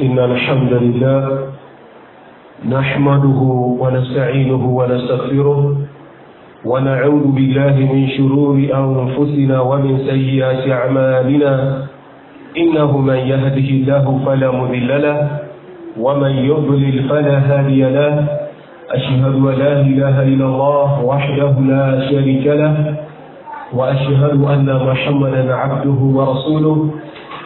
إن الحمد لله نحمده ونستعينه ونستغفره ونعوذ بالله من شرور أنفسنا ومن سيئات أعمالنا إنه من يهده الله فلا مذل له ومن يضلل فلا هادي له أشهد أن لا إله إلا الله وحده لا شريك له وأشهد أن محمدا عبده ورسوله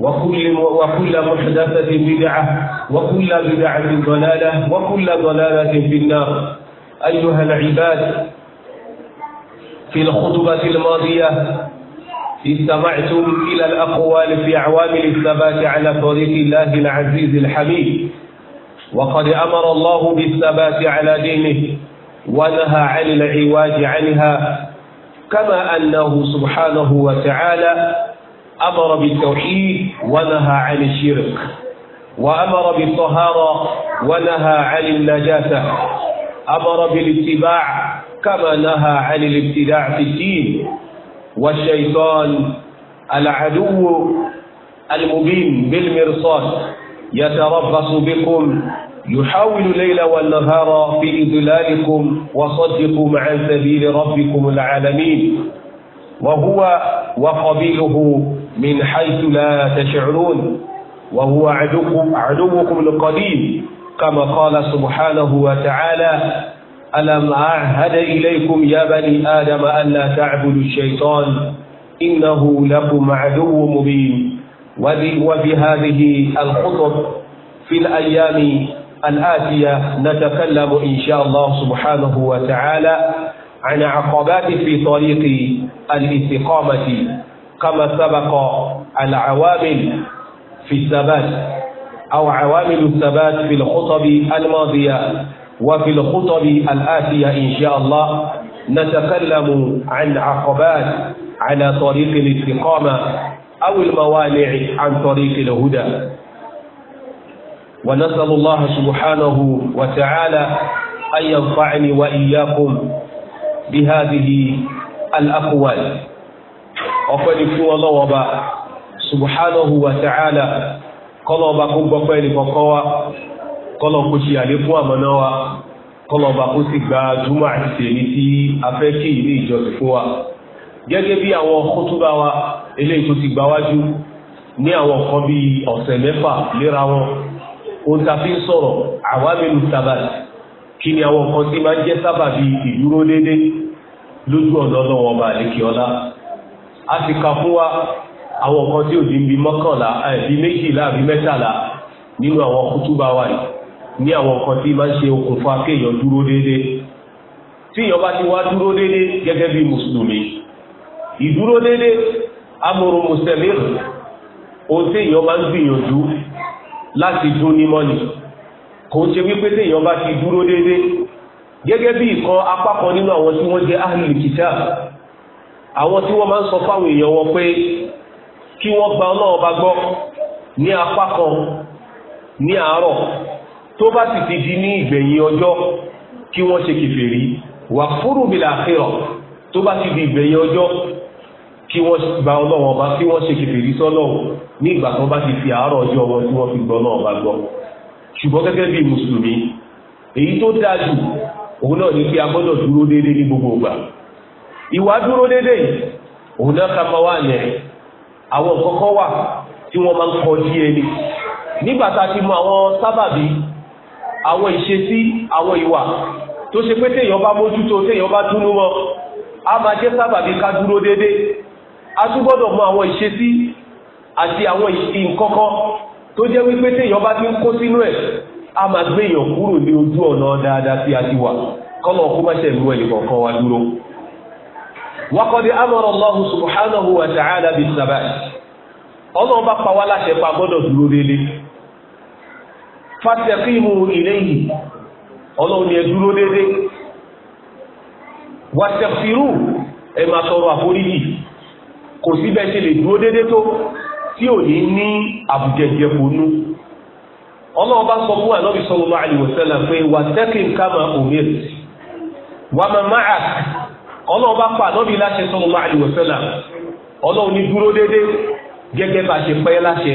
وكل وكل محدثة بدعة وكل بدعة ضلالة وكل ضلالة في النار أيها العباد في الخطبة الماضية استمعتم إلى الأقوال في عوامل الثبات على طريق الله العزيز الحميد وقد أمر الله بالثبات على دينه ونهى عن العواج عنها كما أنه سبحانه وتعالى أمر بالتوحيد ونهى عن الشرك وأمر بالطهارة ونهى عن النجاسة أمر بالاتباع كما نهى عن الابتداع في الدين والشيطان العدو المبين بالمرصاد يتربص بكم يحاول الليل والنهار في إذلالكم وصدقوا عن سبيل ربكم العالمين وهو وقبيله من حيث لا تشعرون وهو عدوكم, عدوكم القديم كما قال سبحانه وتعالى ألم أعهد إليكم يا بني آدم أن لا تعبدوا الشيطان إنه لكم عدو مبين وفي هذه الخطب في الأيام الآتية نتكلم إن شاء الله سبحانه وتعالى عن عقبات في طريق الاستقامة كما سبق العوامل في الثبات أو عوامل الثبات في الخطب الماضية وفي الخطب الآتية إن شاء الله نتكلم عن عقبات على طريق الاستقامة أو الموانع عن طريق الهدى ونسأل الله سبحانه وتعالى أن ينفعني وإياكم bihadihi al-aqwal ọpẹ́ ni fún ọlọ́wọ́ bá subhanahu wa ta'ala kọ́lọ̀ ọba kó gbọ́pẹ́ ní kọ́kọ́ wa kọ́lọ̀ kó ṣe àlékún àmọ́ná wa kọ́lọ̀ ọba kó sì gba júmọ̀ àti tèmi tí a fẹ́ kí ilé ìjọsìn fún wa gẹ́gẹ́ bí àwọn kótóbá wa eléyìí tó ti gba wájú ní àwọn kan bíi ọ̀sẹ̀ mẹ́fà léra wọn ohun tá a fi ń sọ̀rọ̀ àwa mélòó sábàtì kí ni àwọn nǹkan tí máa ń jẹ́ sábàbí ìdúró dédé lójú ọ̀nà ọlọ́wọ́ ọba àlékè ọlá a ti ka fún wa àwọn nǹkan tí ò dín bí mọ́kànlá àbí méjìlá àbí mẹ́tàlá nínú àwọn kútúbà wa yìí ní àwọn nǹkan tí máa ń ṣe okùnfà kéèyàn dúró dédé tí èèyàn bá ti wá dúró dédé gẹ́gẹ́ bí mùsùlùmí ìdúró dédé amòrò mùsẹ̀mí ohun tí èèyàn máa ń gbìyànjú láti dún ní mọ́ni kò ń ṣe wípé téèyàn bá ti dúró déédéé gẹ́gẹ́ bí ìkan apá kan nínú àwọn tí wọ́n jẹ́ ahlul kitab àwọn tí wọ́n máa ń sọ fáwọn èèyàn wọn pé kí wọ́n gba ọlọ́run bá gbọ́ ní apá kan ní àárọ̀ tó bá sì ti di ní ìgbẹ̀yìn ọjọ́ kí wọ́n ṣe kìfèrí wà fúrú bil akhirah tó bá ti di ìgbẹ̀yìn ọjọ́ kí wọ́n gba ọlọ́run bá kí wọ́n ṣe kìfèrí sọ́lọ́run ní tó bá ti fi àárọ̀ ọjọ́ wọn tí wọ́n fi gbọ́ ọlọ́run bá gbọ́ ṣùgbọ́n gẹ́gẹ́ bí mùsùlùmí èyí tó dáa jù òun náà ní pé a gbọ́dọ̀ dúró déédéé ní gbogbo ìgbà ìwà dúró déédéé òun náà ká máa wà yẹn àwọn kọ́kọ́ wà tí wọ́n máa ń kọ sí ẹni nígbà tá a ti mọ àwọn sábàbí àwọn ìṣesí àwọn ìwà tó ṣe pé téèyàn bá mójútó téèyàn bá dúró mọ́ a máa jẹ́ sábàbí ká dúró déédéé a tún gbọ́dọ̀ mọ àwọn ìṣesí àti àwọn nǹkankan tó jẹ́ wípé téèyàn bá ti ń kó sínú ẹ̀ a máa gbé èèyàn kúrò ní ojú ọ̀nà dáadáa tí a ti wà kó ìlú wa dúró. wákọ́dé amọ̀rọ̀ subhanahu wa ta'ala bis sabat ọlọ́run bá pa wá láṣẹ pa gbọ́dọ̀ dúró délé fàtẹ́kìmù ọlọ́run tí ò ní ní àbùjẹ̀jẹ̀ bonú ọlọ́run sọ fún wa lọ́bi sallallahu alaihi wasallam pé wà tẹ́kìn kama umir wà má má àk ọlọ́run bá pa lọ́bi láṣẹ sallallahu alaihi wasallam ọlọ́run ní dúró dédé gẹ́gẹ́ bá ṣe pẹ́ láṣẹ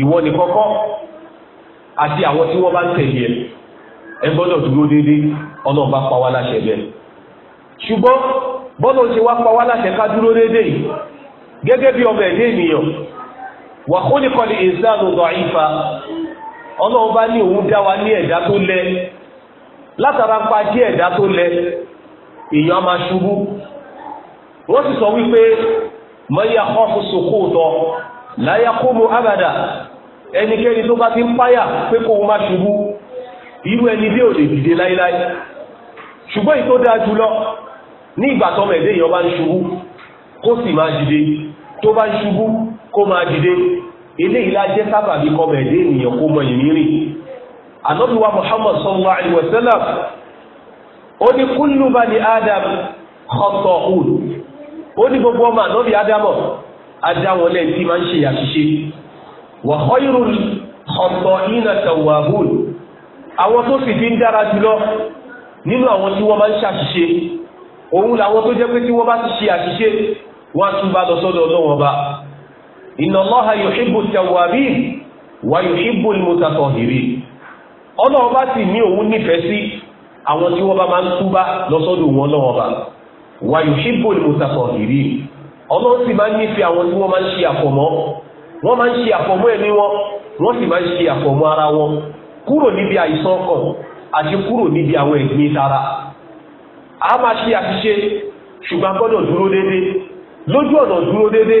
ìwọ ní kọ́kọ́ àti àwọn tí wọ́n bá ń tẹ̀lé ẹ̀ ẹ gbọ́dọ̀ dúró dédé ọlọ́run bá pa wá láṣẹ bẹ́ẹ̀ ṣùgbọ́n bọ́lọ̀ ṣe wá pa wá láṣẹ ká dúró dédé gẹ́gẹ́ bí ọmọ ẹ̀dẹ́ wa khuliqal insanu da'ifa ọlọ́run bá ní òun dá wa ní ẹ̀dá tó lẹ látara pa jẹ́ ẹ̀dá tó lẹ èèyàn máa ṣubú wọ́n sì sọ wípé man yakhafu suquta la yaqumu abada ẹnikẹ́ni tó bá ti ń páyà pé kó o máa ṣubú irú ẹni bí ò lè dìde láíláí ṣùgbọ́n èyí tó dáa jùlọ ní ìgbà tọmọ ẹ̀dẹ́ èèyàn ń ṣubú kó sì máa dìde tó bá ń ṣubú kó máa dìde eléyìí la jẹ́ sábàbí kọ́ bẹ̀ ènìyàn kó mọ ìrírí ànábì wa muhammad sallallahu alayhi wa sallam ó ní kullu bani adam khata'un ó ní gbogbo ọmọ ànábì ádámọ̀ adáwọn lẹ́yìn tí máa ń ṣe àṣìṣe wa khayrul khata'ina tawwabun àwọn tó sì fi ń dára jùlọ nínú àwọn tí wọ́n máa ń ṣàṣìṣe òun làwọn tó jẹ́ pé tí wọ́n bá ti ṣe àṣìṣe wọ́n á tún bá lọ sọ́dọ̀ ọlọ́wọ́n bá inna Allaha yuhibbu tawwabin wa yuhibbu mutatahirin ọlọ́run bá sì ní òun nífẹ̀ẹ́ sí àwọn tí wọ́n bá máa ń túbá lọ́sọ́dọ̀ wọn lọ́wọ́ bá wa yuhibbu mutatahirin ọlọ́run sì máa ń nífẹ̀ẹ́ àwọn tí wọ́n máa ń ṣe àfọ̀mọ́ wọ́n máa ń ṣe àfọ̀mọ́ ẹ̀mí wọn wọ́n sì máa ń ṣe àfọ̀mọ́ ara wọn kúrò níbi àìsàn kan àti kúrò níbi àwọn ẹ̀gbin a máa ṣe àṣìṣe ṣùgbọ́n gbọ́dọ̀ dúró déédéé lójú ọ̀nà dúró déédéé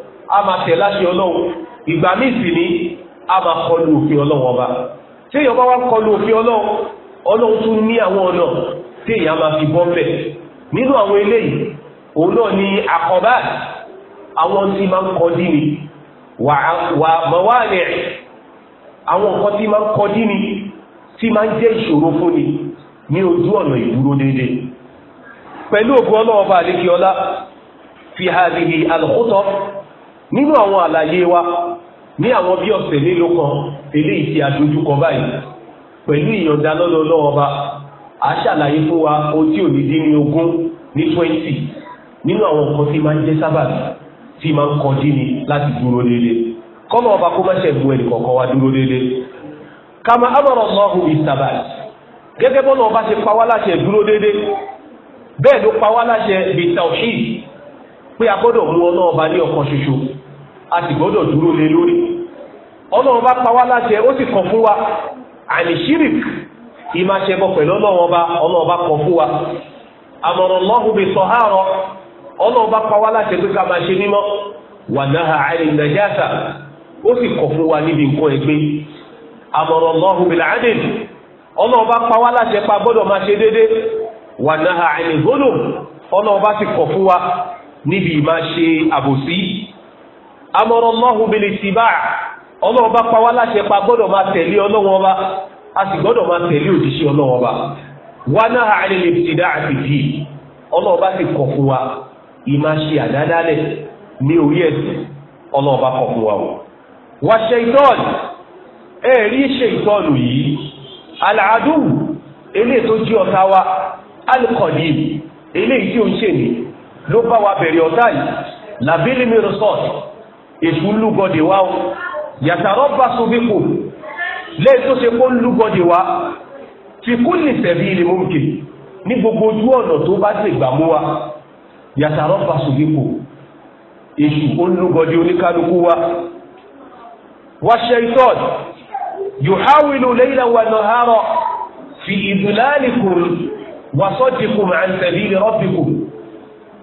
a máa tẹ̀ láṣẹ ọlọ́run ìgbà míì sì ni a máa kọlu òfin ọlọ́run ọba tí èèyàn bá wá kọlu òfin ọlọ́run ọlọ́run tún ní àwọn ọ̀nà tí èèyàn máa fi bọ́ bẹ̀ nínú àwọn eléyìí òun náà ni àkọ́bá àwọn tí máa ń kọ́ dí ni wà mọ̀wáàlẹ̀ àwọn nǹkan tí máa ń kọ́ dí ni tí máa ń jẹ́ ìṣòro fún ni ní ojú ọ̀nà ìdúró déédé pẹ̀lú ògùn ọlọ́ọ̀bá fi hàdìhì alùkútọ́ nínú àwọn àlàyé wa ní àwọn bí ọ̀sẹ̀ mélòó kan eléyìí tí a dojúkọ báyìí pẹ̀lú ìyọ̀ǹda lọ́dọ̀ bá a ṣàlàyé fún wa ohun tí ò ní dín ní ogún ní twenty nínú àwọn nǹkan tí máa ń jẹ́ sábàbí tí máa ń kọjú ni láti dúró déédéé kọ́nà ọba kó má ṣe mú ẹnì kọ̀ọ̀kan wá dúró déédéé kama amara Allahu bis-sabati gẹ́gẹ́ bọ́nà ọba ṣe pa wá láṣẹ dúró déédéé bẹ́ẹ̀ ló pa láṣẹ bi pé a gbọ́dọ̀ mú ọnụ ọba ní ṣoṣo a sì gbọ́dọ̀ dúró lé lórí ọlọ́run bá pa wá láṣẹ ó sì kàn fún wa àní shirik pẹ̀lú ọlọ́run ọlọ́run bá kàn fún wa àmọ̀ràn sọ àárọ̀ ọlọ́run bá pa wá láṣẹ pé ká ṣe mímọ́ wà náà ó sì kàn fún wa níbi nǹkan ẹgbẹ́ àmọ̀ràn ọlọ́run ọlọ́run bá pa wá láṣẹ pa gbọ́dọ̀ máa ṣe déédéé wà náà gbọ́dọ̀ níbi ìmá ṣe àbòsí amọ̀rọ̀ lọ́hùn bèlè tì bá ọlọ́run bá pa wá láṣẹ pa gbọ́dọ̀ máa tẹ̀lé ọlọ́run ọba a sì gbọ́dọ̀ máa tẹ̀lé òjíṣẹ́ ọlọ́run ọba wá náà àlẹ́ lè ti dá àtìdí ọlọ́run bá sì kọ̀ fún wa ìmá ṣe àdádálẹ̀ ní orí ẹ̀sìn ọlọ́run kọ̀ fún wa o wá ṣe ìtọ́ọ̀nù ẹ̀rí ṣe ìtọ́ọ̀nù yìí àlàádùn eléyìí tó jí ọ̀tá wa alukọ̀dì eléyìí tí ó ń ṣèlè ló bá wa bẹ̀rẹ̀ ọ̀tá yìí làbílì mi resort èṣù lúgọdì wa o yàtàrọ bá sobíkù lẹ́yìn tó ṣe kó lúgọdì wa ti kú ní sẹ̀bí ilé mọ́mùkì ní gbogbo ojú ọ̀nà tó bá ti gbà mú wa yàtàrọ bá sobíkù èṣù ó oníkálukú wa wa ṣaitan yuhawilu layla wa nahara fi idlalikum wa saddikum an sabili rabbikum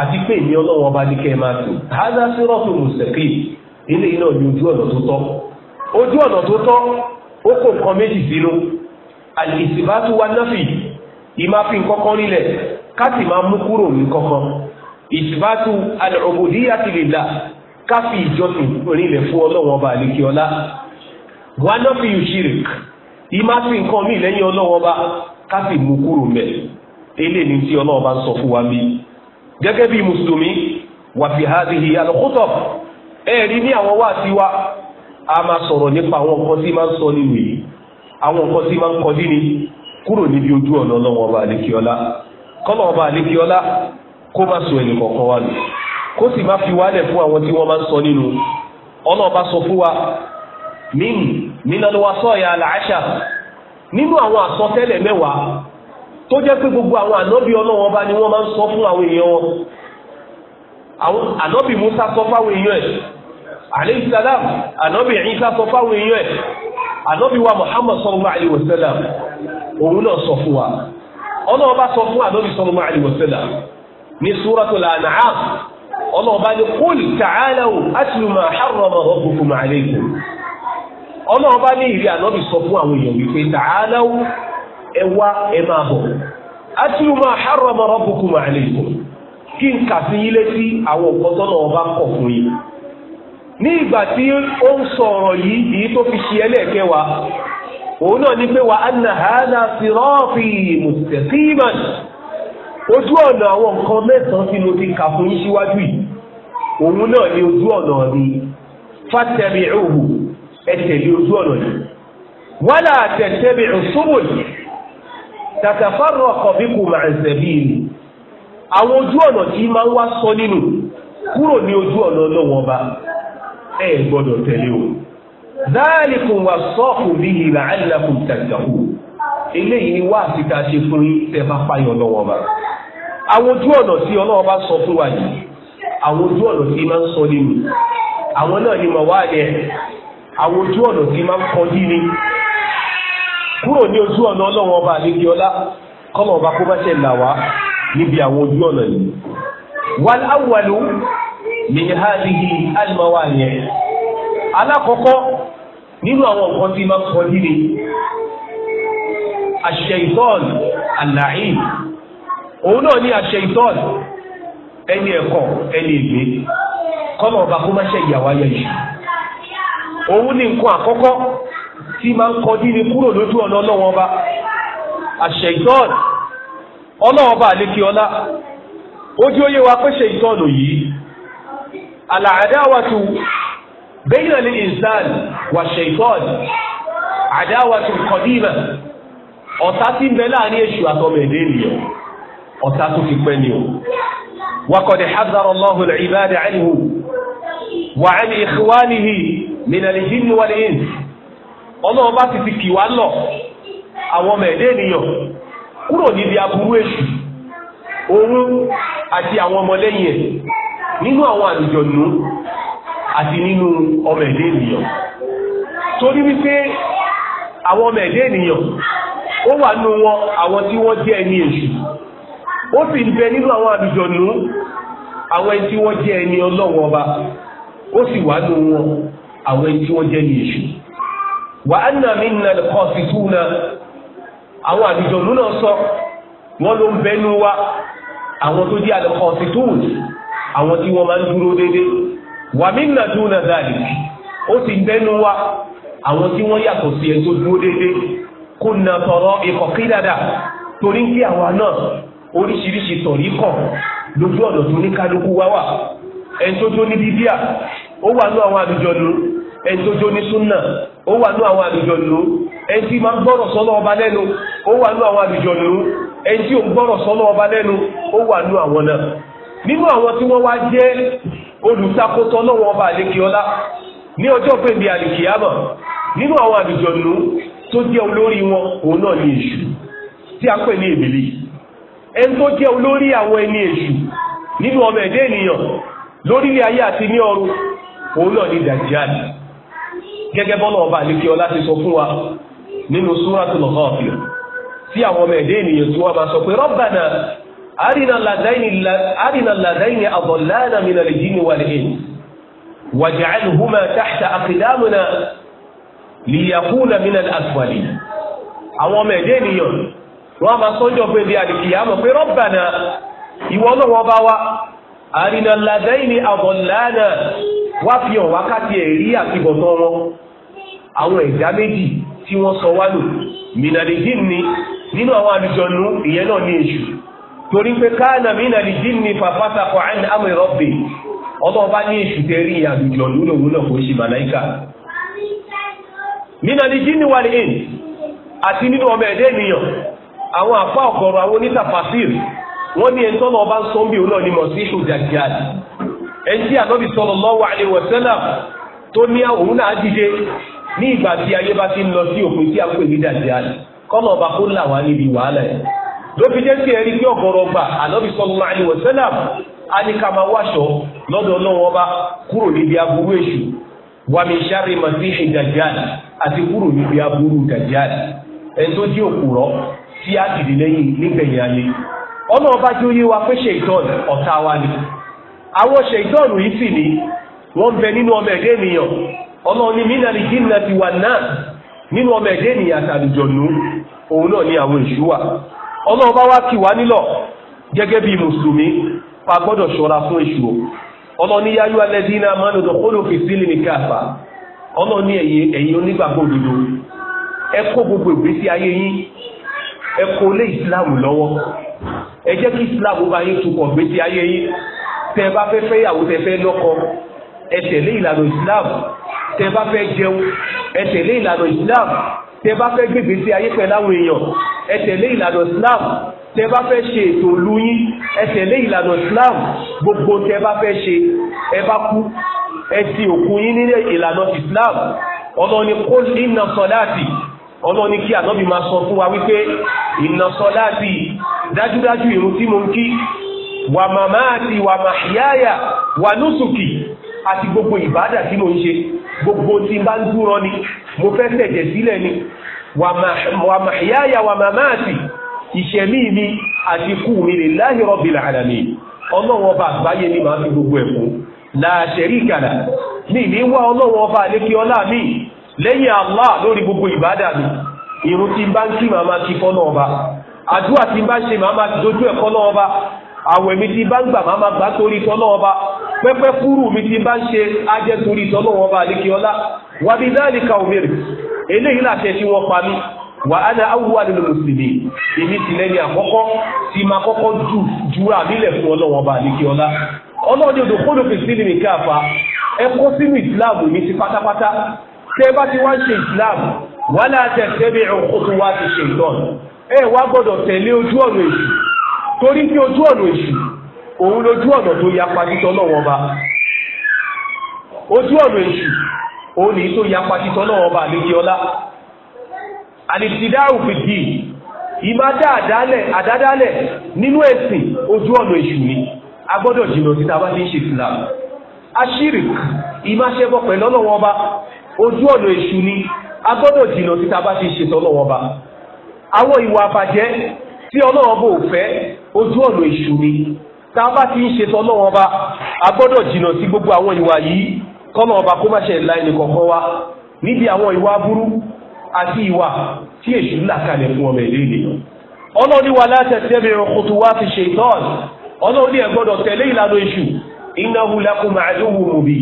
àti pé èmi ọlọ́run ọba ní kẹ́ ẹ máa tò hádà sírọ́tù mùsẹ̀kìm ilé iná ní ojú ọ̀nà tó tọ́ ojú ọ̀nà tó tọ́ ó kó nǹkan méjì sínú àlìsìbátú wa náfì ìmáfi kọ́kọ́ nílẹ̀ káti máa mú kúrò ní kọ́kọ́ ìsìbátú al-ubudiyyati lillah káfí ìjọsìn rinlẹ̀ fún ọlọ́run ọba àlekí ọlá wa náfì yushirk ìmáfi nǹkan mí lẹ́yìn ọlọ́run ọba káfí mú kúrò mẹ́ eléyìí tí ọlọ́run ọba sọ fún wa bíi gẹ́gẹ́ bí musulmi wà fi hadhihi al-khutab ẹ̀rí ní àwọn wá sí wa a máa sọ̀rọ̀ nípa àwọn nǹkan tí máa ń sọ nínú yìí àwọn nǹkan tí máa ń kọjú ni kúrò níbi ojú ọ̀nà ọlọ́wọ́ ọba àlékiọlá ọba àlékiọlá kó sọ ẹnì kọ̀ọ̀kan wa nù kó sì fi wálẹ̀ fún àwọn tí wọ́n máa ń sọ nínú sọ fún wa min nínú àwọn àsọtẹ́lẹ̀ mẹ́wàá tó jẹ́ pé gbogbo àwọn ànábì ọlọ́wọ́n bá ni wọ́n máa ń sọ fún àwọn èèyàn wọn Musa sọ fáwọn èèyàn ẹ̀ salam ànábì Isa sọ fáwọn èèyàn ẹ̀ wa Muhammad sallallahu alayhi wa sallam òun náà sọ fún wa ọlọ́wọ́n bá sọ fún ànábì sallallahu alayhi wa sallam ní bá ní bá ní ìrì ẹ wá ẹ máa bọ̀ atilu ma harrama rabbukum alaykum kí n kà sí yín létí àwọn nǹkan tọ́nà ọba kọ̀ fún yín ní ìgbà tí ó ń sọ ọ̀rọ̀ yìí èyí tó fi ṣe ẹlẹ́ẹ̀kẹwàá òun náà ní pé wa anna hadha sirati mustaqiman ojú ọ̀nà àwọn nǹkan mẹ́sàn-án tí mo ti kà fún yín síwájú yìí òun náà ni ojú ọ̀nà ni fattabi'uhu ẹ tẹ̀lé ojú ọ̀nà yìí wala tattabi'u subul yìí tàkàfàrọ̀ ọ̀kọ̀bíkù màá ṣẹ̀bí ni àwọn ojú ọ̀nà tí máa ń wá sọ nínú kúrò ní ojú ọ̀nà ọlọ́wọ́ ọba ẹ gbọ́dọ̀ tẹ̀lé o dáàlìkùn wà sọ́ọ̀kù bí ìlà àìlàkùn tàgbàkù eléyìí ni wá àfitá ṣe fún yín tẹ́ bá fáyọ ọlọ́wọ́ ọba àwọn ojú ọ̀nà tí ọlọ́wọ́ bá sọ fún wa yìí àwọn ojú ọ̀nà tí máa ń sọ nínú àwọn náà ni màwá àdẹ àwọn ojú ọ̀nà tí máa ń kọjú ní kúrò ní ojú ọ̀nà ọlọ́run ọba àlejò ọlá kọ́mọ̀ ọba kó bá ṣe là wá níbi àwọn ojú ọ̀nà yìí. wal awwalu min hadhihi al-mawani' alákọ̀ọ́kọ́ nínú àwọn nǹkan tí máa ń sọ òun náà ní ẹni ẹ̀kọ́ ọba kó bá ṣe ìyàwó ayẹyẹ òun ní nǹkan àkọ́kọ́ tí máa ń kọjú ní kúrò lójú ọ̀nà ọlọ́wọ́n ọba àṣẹ ìtọ́ọ̀nù ọlọ́wọ́n ọba àlékè ọlá ojú ó yé wa pé ṣe ìtọ́ọ̀nù yìí àlàádáwàtú bẹ́yìn àlè ìsàn wà ṣe ìtọ́ọ̀nù àdáwàtú kọ̀dímà ọ̀tá tí ń bẹ láàrin èṣù àtọ́mẹ̀dẹ́ nìyẹn ọ̀tá tó fi pẹ́ ni o wakọ̀dẹ̀ hazara lọ́hùn ìbáde àìhù wà á ní ìkúwánìhì nínú àlè ọlọ́run bá ti fi kì wá lọ àwọn ọmọ ẹ̀dẹ́ ènìyàn kúrò níbi aburú èṣù òun àti àwọn ọmọlẹ́yìn ẹ̀ nínú àwọn àlùjọ̀nù àti nínú ọmọ ẹ̀dẹ́ ènìyàn torí wípé àwọn ọmọ ẹ̀dẹ́ ènìyàn ó wà nínú wọn àwọn tí wọ́n jẹ́ ẹni èṣù ó sì ń bẹ nínú àwọn àlùjọ̀nù àwọn ẹni tí wọ́n jẹ́ ẹni ọlọ́wọ́ ọba ó sì wà nínú wọn àwọn ẹni tí wọ́n jẹ́ ẹni èṣù wà á nà mí nà kọ́ sí tú na àwọn àdìjọ́nú náà sọ wọ́n ló ń bẹnu wa àwọn tó jẹ́ àlùkọ́ sí tú àwọn tí wọ́n máa ń dúró déédéé wà mí nà tú na dàlí ó sì ń bẹnu wa àwọn tí wọ́n yàtọ̀ sí ẹ tó dúró déédéé kó na tọrọ ikọ̀ kí dáadáa torí ń kí àwa náà oríṣiríṣi tọ̀rí kọ̀ lójú ọ̀nà tó ní kálukú wá wà ẹni ní bíbíà ó wà ní àwọn àdìjọ́nú ẹni tó ní súnà ó wà ní àwọn àdìjọ ló ẹni tí máa ń gbọ́rọ̀ sọ́lọ́ ọba lẹ́nu ó wà ní àwọn àdìjọ ló ẹni tí ò ń gbọ́rọ̀ sọ́lọ́ ọba lẹ́nu ó wà ní àwọn náà nínú àwọn tí wọ́n wá jẹ́ olùtakótọ́ lọ́wọ́ ọba àlékiọlá ní ọjọ́ pèmí àlìkìyàmọ̀ nínú àwọn àdìjọ ló tó jẹ́ olórí wọn òun náà ni èṣù tí a pè ní èbìlì ẹni tó jẹ́ olórí àwọn òun gẹ́gẹ́ bọ́lá ọba àlékí ọlá ti sọ fún wa nínú súratul Ghafir tí àwọn ọmọ ẹ̀dẹ́ ènìyàn tí wọ́n máa sọ pé Rabbana arina alladhaini adallana minal jinni wal insi waj'alhuma tahta aqdamina liyakuna minal asfalin àwọn wa fi hàn wákàtí ẹ̀rí àti bọ̀tọ̀ wọn àwọn ẹ̀dá méjì tí wọ́n sọ wá lò mìnàlìjìn ni nínú àwọn àlùjọ̀nù ìyẹn náà ní èṣù torí pé káànà mìnàlìjìn ni fàfàtà kọ̀ ẹ̀ àmì rọ́bì ọlọ́ọ̀bá ní èṣù tẹ̀rí àlùjọ̀nù lòun náà kò ṣe màláìkà mìnàlìjìn ni wà ní èyí àti nínú ọmọ ẹ̀dẹ́ ènìyàn àwọn àfa ọ̀gọ̀rọ̀ àwọn onítàfàṣìr wọ́n ní ẹni tọ́lọ́ ọba ń sọ ni mọ̀síṣù tó ní òun náà ní ìgbà tí ayé bá ti ń lọ sí òpin tí a pè ní dàjàl kọ́nà ọba kó là wá níbi wàhálà yẹn ló fi jẹ́ sí ẹ̀rí pé ọ̀gọ̀rọ̀ gbà ànábì sallallahu alaihi wasallam á ní ká máa wáṣọ lọ́dọ̀ náà wọ́n bá kúrò níbi aburú èṣù wàmí sáré masihi dàjàl àti kúrò níbi aburú dàjàl ẹni tó jẹ́ òkúrọ́ tí a dìde lẹ́yìn nígbẹ̀yìn ayé ọ̀nà ọba ni àwọn ṣèitán yìí sì ni wọ́n ń bẹ nínú ọmọ ẹ̀dẹ́ ènìyàn ọlọ́run ní mínàlì jìnnà ti wà náà nínú ọmọ ẹ̀dẹ́ ènìyàn àtàlùjọ̀nù òun náà ní àwọn èṣù wà ọlọ́run bá wá kì wá nílọ̀ gẹ́gẹ́ bí mùsùlùmí pa gbọ́dọ̀ ṣọ́ra fún èṣù ọlọ́run ní yáyú alẹ́ dín náà máa ń lọ́dọ̀ kóló fi sílẹ̀ ní káàfà ọlọ́run ní ẹ̀yin onígbàgbọ́ òdodo ẹ kó gbogbo ìgbésí ayé yín ẹ kó lé ìsìláàmù lọ́wọ́ ẹ jẹ́ kí ìsìláàmù bá yín tukọ̀ ìgbésí ayé yín tẹ́ bá fẹ́ fẹ́ yàwó tẹ́ fẹ́ lọ́kọ ẹ tẹ̀lé ìlànà ìsìláàmù tẹ bá fẹ́ jẹun ẹ tẹ̀lé ìlànà islam tẹ bá fẹ́ gbègbè sí ayé pẹ̀lú àwọn èèyàn ẹ tẹ̀lé ìlànà islam tẹ bá fẹ́ ṣe ètò ìlú yín ẹ tẹ̀lé ìlànà islam gbogbo tẹ bá fẹ́ ṣe ẹ bá kú ẹ ti òkú yín nílé ìlànà islam ọlọ́ni kó iná sọláàtì ọlọ́ni kí ànábì máa sọ fún wa wípé iná sọláàtì dájúdájú ìrun tí mo ń kí wà màmáàtì wà àti gbogbo ìbádà tí mo ń ṣe gbogbo tí bá ń dúró ni mo fẹ́ tẹ̀jẹ̀ sílẹ̀ ni wà màáyáyà wà màmáàtì ìṣẹ̀mí mi àti kú mi lillahi rabbil alamin ọlọ́wọ́ ọba àgbáyé ni màá fi gbogbo ẹ̀ fún la sharika la ní ìní wá ọlọ́wọ́ ọba ọlá mi lẹ́yìn Allah lórí gbogbo ìbádà mi irun tí bá ń kí màá máa kí fọ́nà ọba àdúrà tí bá ń ṣe màá máa dojú ẹ̀kọ́ náà ọba àwẹ̀ mi ti bá ń gbà máa ma gbà torí tọ́lọ́ ọba pẹ́pẹ́ fúrú mi ti bá ń ṣe ajẹ́ torí tọ́lọ́ ọba àdékiọ́lá wà bí dáàlì ka òmìnir eléyìí làṣẹ tí wọ́n pa mí wà á na awúwà nínú mùsùlùmí èmi ti lẹ́ni àkọ́kọ́ tí máa kọ́kọ́ jù jura nílẹ̀ fún ọlọ́wọ́ ọba àdékiọ́lá ọlọ́ọ̀ni odò kódò fèsì ní mi káàfa ẹ kó sínú ìsìláàmù mi ti pátápátá tẹ́ bá ti wá ń ṣe ìsìláàmù wàhálà tẹ̀ tẹ́bi ẹ̀ tó wá ti ṣe ìtọ́n ẹ wá gbọ́dọ̀ tẹ̀lé ojú ọ̀nà èṣù torí pé ojú ọ̀nà èṣù òun lójú ọ̀nà tó yapa títọ́ náà wọn bá ojú ọ̀nà èṣù òun ní tó yapa títọ́ náà wọn bá àlejò ọlá àlìsídáhù fìdí ìmá àdádálẹ̀ nínú ẹ̀sìn ojú ọ̀nà èṣù ni a gbọ́dọ̀ jìnnà títa bá ti ń ṣe fìlà aṣírí ni a gbọ́dọ̀ jìnnà títa bá ti ń ṣe tọ́lọ́wọ́n ọba àwọn ìwà àbàjẹ́ tí ọlọ́wọ́n bò fẹ́ ojú ọ̀nà èṣù ni tá bá ti ń ṣe tọ́lọ́ sí gbogbo àwọn ìwà yìí kọ́nà ọba kó má ṣe kọ̀ọ̀kan wa níbi àwọn ìwà burú àti ìwà tí èṣù là kalẹ̀ fún ọmọ ìlú wa láti ẹ̀sẹ̀ mi ràn kótó wá fi ṣe ìtọ́ọ̀nù ọlọ́ọ̀ni ẹ̀ gbọ́dọ̀ tẹ̀lé ìlànà èṣù innahu lakum àdúgbò òbí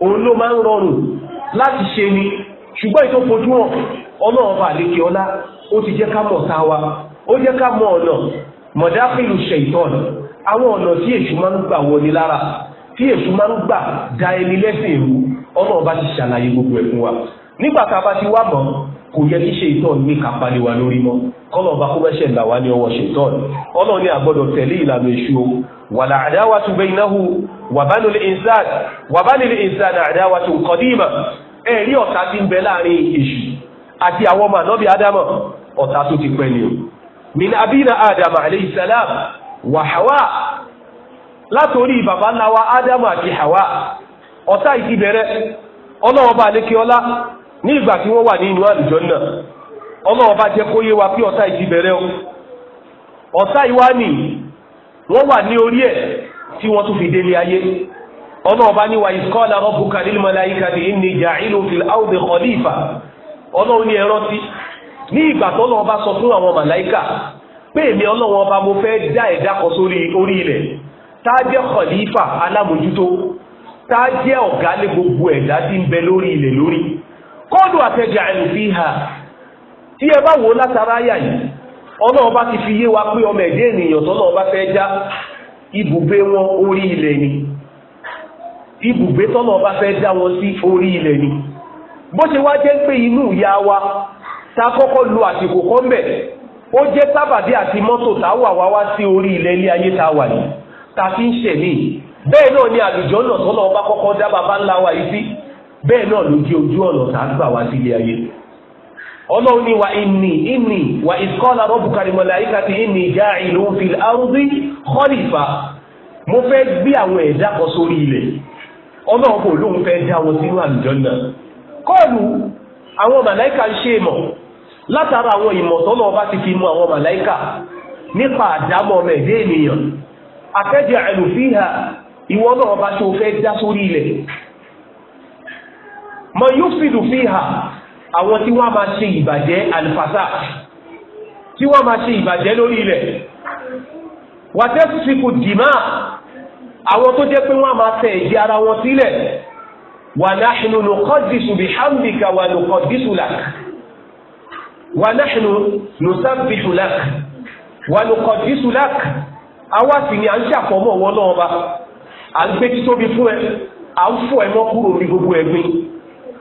òun ló máa ń rọrùn láti ṣe ni ṣùgbọ́n ètò fojú hàn ọlọ́run bá lékè ọlá ó ti jẹ́ ká mọ̀ tá a wa ó jẹ́ ká mọ̀ ọ̀nà mọ̀dáfìlù ṣẹ̀tọ́n àwọn ọ̀nà tí èṣù máa ń gbà wọlé lára tí èṣù máa ń gbà da ẹni lẹ́sìn ìlú ọlọ́run bá ti ṣàlàyé gbogbo ẹ̀ kọ́lọ̀ọ̀bá kó ńlá wá ní ọwọ́ ṣetán ọlọ́run ní àgbọ́dọ̀ tẹ̀lé ìlànà èṣù wàlà àdáwàtú bainahu wàbánilé ìsàn wàbánilé ìsàn àdáwàtú qadima ẹ̀rí ọ̀tá tí ń bẹ láàrin èṣù àti àwọn ọmọ ànábì ádámọ̀ ọ̀tá tó ti pẹ́ ni o min abina adam hawa látòrí bàbá ńlá wa àti hawa ọ̀tá ìtibẹ̀rẹ̀ ọlọ́wọ́ bá ní ìgbà ọlọ́run bá jẹ́ kó yé wa bí ọ̀tá yìí ti bẹ̀rẹ̀ o ọ̀tá yìí wá nì wọ́n wà ní orí ẹ̀ tí wọ́n tún fi délé ayé ọlọ́run ní wa ìsọ́lá rabbuka lil malaikati inni ja'ilun fil ardi khalifa ọlọ́run ní ẹ rántí ní ìgbà tọ́lọ́run bá sọ fún àwọn màláìkà pé èmi ọlọ́run ọba mo fẹ́ dá ẹ̀dá kan sórí orí ilẹ̀ tá a jẹ́ khalifa alámòjútó tá a jẹ́ ọ̀gá lé gbogbo ẹ̀dá tí ń bẹ lórí ilẹ̀ lórí kọ́ọ̀dù àtẹ̀jà ẹ̀lùfíhà tí ẹ bá wò látara àyà yìí ọlọ́run bá ti fi yé wa pé ọmọ ẹ̀dẹ́ ènìyàn tọ́lọ́run bá fẹ́ já ibùgbé wọn orí ilẹ̀ ni ibùgbé tọ́lọ́run bá fẹ́ já wọn sí orí ilẹ̀ ni bó ṣe wá jẹ́ pé inú ìyá wa ta kọ́kọ́ lu àsìkò kan bẹ̀ ó jẹ́ sábàdí àti mọ́tò tá wà wá wá sí orí ilẹ̀ ilé ayé tá wà yìí ta fi ń ṣẹ̀mí bẹ́ẹ̀ náà ni àlùjọ náà tọ́lọ́run bá kọ́kọ́ dá bàbá ńlá wa yìí sí bẹ́ẹ̀ náà ló di ojú ọ̀nà tá gbà wá sí ilé ayé ọlọ́run ní wa inni inni wa ìkọ́lá rọ́bùkà ní mọ̀láyíkà ti inni ìjà ìlú fil ardi khalifa mo fẹ́ gbé àwọn ẹ̀dá kan sórí ilẹ̀ ọlọ́run kò lóun fẹ́ dá wọn sínú àlùjọ́nà kọ́ọ̀lù àwọn màláíkà ń ṣe mọ̀ látara àwọn ìmọ̀ tọ́nà ọba ti fi mú àwọn tí wọ́n máa ṣe ìbàjẹ́ alifasa tí wọ́n máa ṣe ìbàjẹ́ lórí ilẹ̀ wàtẹ́sìkò dìmá àwọn tó jẹ́ pé wọ́n máa tẹ ẹ̀jẹ̀ ara wọn sílẹ̀ wà nahnu nuqaddisu bihamdika wà nuqaddisu lak wà nahnu nusabbihu lak wà nuqaddisu lak àwa sì ni à ń ṣàfọ̀mọ́ wọn náà ba à ń gbé títóbi fún ẹ à ń fọ ẹ mọ́ kúrò ní gbogbo ẹ̀gbin.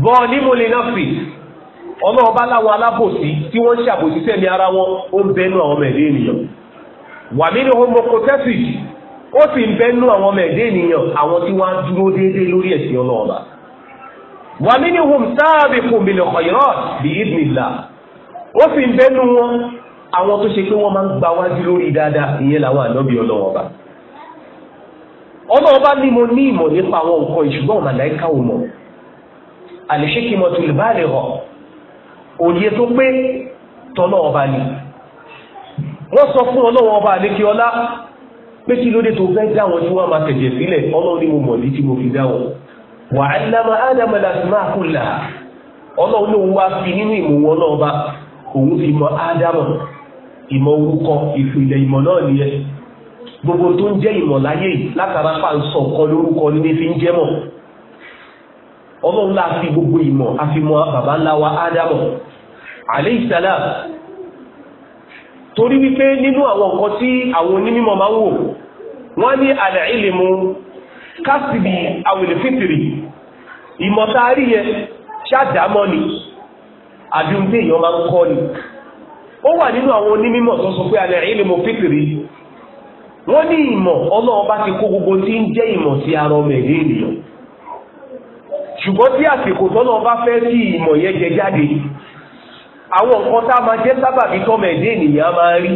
zalimun li nafsi ọlọ́ọ̀bá láwọn alábòsí tí wọ́n ṣàbòsí sẹ́mi ara wọn ó ń bẹ́nu àwọn ọmọ ènìyàn wa minhum muqtasid ó sì ń bẹ́nu àwọn ọmọ ènìyàn àwọn tí wọ́n á dúró déédéé lórí ẹ̀sìn wa minhum sabiqun bil khayrat bi idhnillah ó sì ń bẹ́nu wọn àwọn tó ṣe pé wọ́n máa ń gba wájú lórí dáadáa ìyẹn làwọn ànábì ọlọ́ọ̀bá ni al-hikmatul baligha òye tó pé tọ́lọ́ ọba ni wọ́n sọ fún ọlọ́wọ́ ọba àlékè ọlá pé kí lóde tó fẹ́ dá tí wọ́n máa tẹ̀jẹ̀ sílẹ̀ ọlọ́run ni mo mọ̀ ní tí mo fi dá wọn wa 'allama Adama al-asma'a kullaha ọlọ́run ló wá fi nínú ìmọ̀ wọn náà bá òun fi mọ ádámọ̀ ìmọ̀ orúkọ lórúkọ ní fi ń jẹ́ ọlọ́run la fi gbogbo ìmọ̀ a fi mọ bàbá ńlá wa ádámọ̀ alayhi salam torí wípé nínú àwọn nǹkan tí àwọn onímọ̀ máa wò wọ́n ní fìtìrì ṣàdámọ́ ni èèyàn máa kọ́ ni ó wà nínú àwọn onímọ̀ tó sọ pé ti ṣùgbọ́n tí àsìkò tọ́nà bá fẹ́ kí ìmọ̀ yẹn jẹ jáde àwọn nǹkan tá a máa jẹ́ sábàbí tọ́mọ ẹ̀dẹ́ ènìyàn máa rí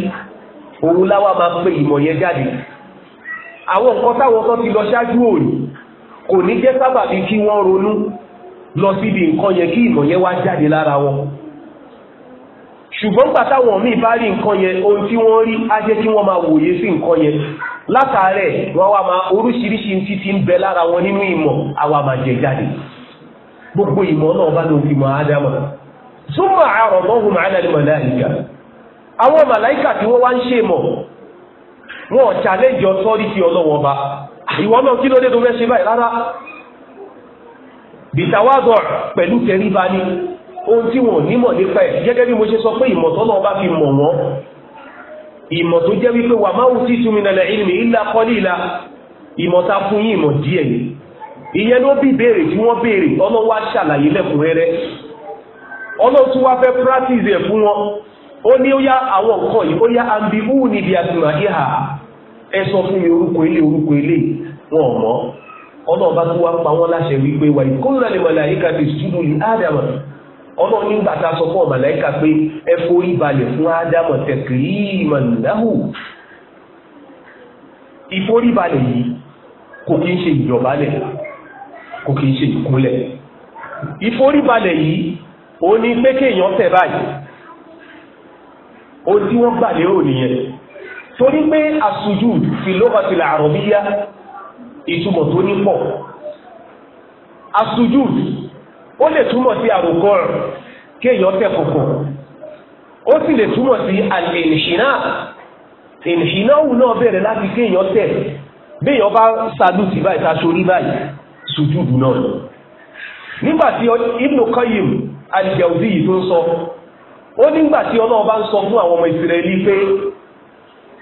òun láwa máa pe ìmọ̀ yẹn jáde àwọn nǹkan táwọn kan ti lọ ṣáájú òní kò ní jẹ́ sábàbí kí wọ́n ronú lọ síbi nǹkan yẹn kí ìmọ̀ yẹn wá jáde lára wọn ṣùgbọ́n gbà táwọn míì bá rí nǹkan yẹn ohun tí wọ́n rí á jẹ́ kí wọ́n máa wòye sí nǹkan yẹn látàárẹ̀ wọ́n wá máa oríṣiríṣi títí ń bẹ lára wọn nínú ìmọ̀ àwa máa jẹ jáde gbogbo ìmọ̀ náà bá ló fi mọ̀ ádámà súnmọ̀ àrọ̀mọ́hùn màálàlì màláìka àwọn màláìka tí wọ́n wá ń ṣe mọ̀ wọn challenge authority ọlọ́wọ́n ba ìwọ náà kí ló dé tó fẹ́ ṣe báyìí rárá bìtàwádọ̀ pẹ̀lú tẹríba ni ohun tí wọn nímọ̀ nípa ẹ̀ gẹ́gẹ́ bí mo ṣe sọ pé ìmọ̀ tọ́lọ́ bá fi mọ̀ wọ́n ìmọ̀ tó jẹ́ wípé wà máa wù sí túnmínà lẹ́yìn mi ìlà kọ́lí ìlà ìmọ̀ fún yín ìmọ̀ díẹ̀ yìí ìyẹn ló bí ìbéèrè tí wọ́n béèrè ọlọ́run wá ṣàlàyé lẹ́kùnrẹ́rẹ́ ọlọ́run tún wá fẹ́ practice ẹ̀ fún wọn ó ní ó yá àwọn nǹkan yìí ó yá ambi wù ìhà fún mi orúkọ ilé orúkọ ilé wọn mọ wá pa wọ́n láṣẹ wípé wà kò kì í ṣe ìkúnlẹ̀ ìforíbalẹ̀ yìí ó ní pé kéèyàn tẹ̀ báyìí ó tí wọ́n gbà lérò nìyẹn torí pé àsùjù fil-lughatil arabiyya ìtumọ̀ tó ní pọ̀ àsùjù ó lè túmọ̀ sí àròkọ kéèyàn tẹ̀ kọ̀kọ̀ ó sì lè túmọ̀ sí al-inhina inhina náà bẹ̀rẹ̀ láti kéèyàn tẹ̀ béèyàn bá ṣàdùtì báyìí tá ṣorí báyìí sùjúdù náà nígbà tí Ibn Qayyim al-Jawzi yìí tó ń sọ ó nígbà tí ọlọ́ọ̀bá ń sọ fún àwọn ọmọ Ísírẹ́lì pé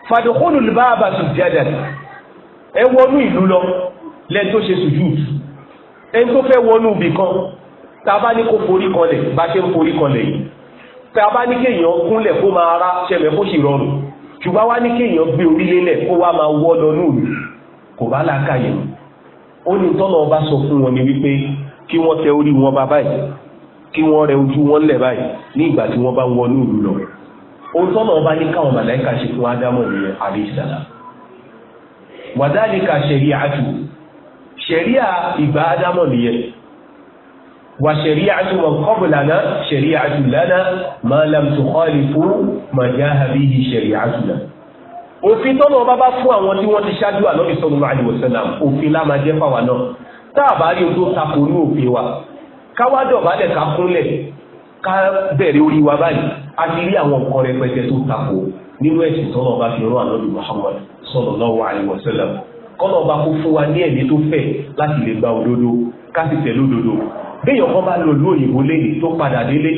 fàdùkúlù báàbà sùjádà ẹ wọnú ìlú lọ lẹ́ni tó ṣe sùjúdù ẹni tó fẹ́ wọnú ibì kan tá a bá ní kó forí kanlẹ̀ bá ṣe ń forí kanlẹ̀ yìí tá bá ní kéèyàn kúnlẹ̀ kó máa rá ṣẹlẹ̀ kó sì rọrùn ṣùgbọ́n wá ní kéèyàn gbé orílẹ̀ kó wá máa wọ́ lọ ó ní tọ́lọ̀ ọba sọ fún wọn ni wípé kí wọ́n tẹ orí wọn bá báyìí kí wọ́n rẹ ojú wọn lẹ̀ báyìí ní ìgbà tí wọ́n bá wọnú ìlú lọ ohun tọ́lọ̀ ọba ní káwọn màláìka ṣe fún ádámù nìyẹn àríṣàlá wàdálíkà ṣẹ̀ríà tù ṣẹ̀ríà ìgbà ádámù nìyẹn wà ṣẹ̀ríà tù wọn kọ́bùlànà ṣẹ̀ríà tù lánàá máa lam tukhalifu màjá àbíyí ṣẹ̀ríà tù lánàá òfin tọ́nà ọba bá fún àwọn tí wọ́n ti ṣáájú ànábì sallallahu alaihi wasallam òfin la máa jẹ́ fáwa náà tá a bá rí o tó takò ní òfin wa káwádọ̀ bá lẹ̀ ká kúnlẹ̀ ká bẹ̀rẹ̀ orí wa báyìí a ti rí àwọn nǹkan rẹpẹtẹ tó takò nínú ẹ̀sìn tọ́nà ọba fi rán ànábì Muhammad sallallahu alaihi wasallam kọ́nà ọba kó fún wa ní ẹ̀mí tó fẹ̀ láti lè gba òdodo ká sì tẹ̀lé òdodo béèyàn kan bá lọ lú òyìnbó léde tó padà délé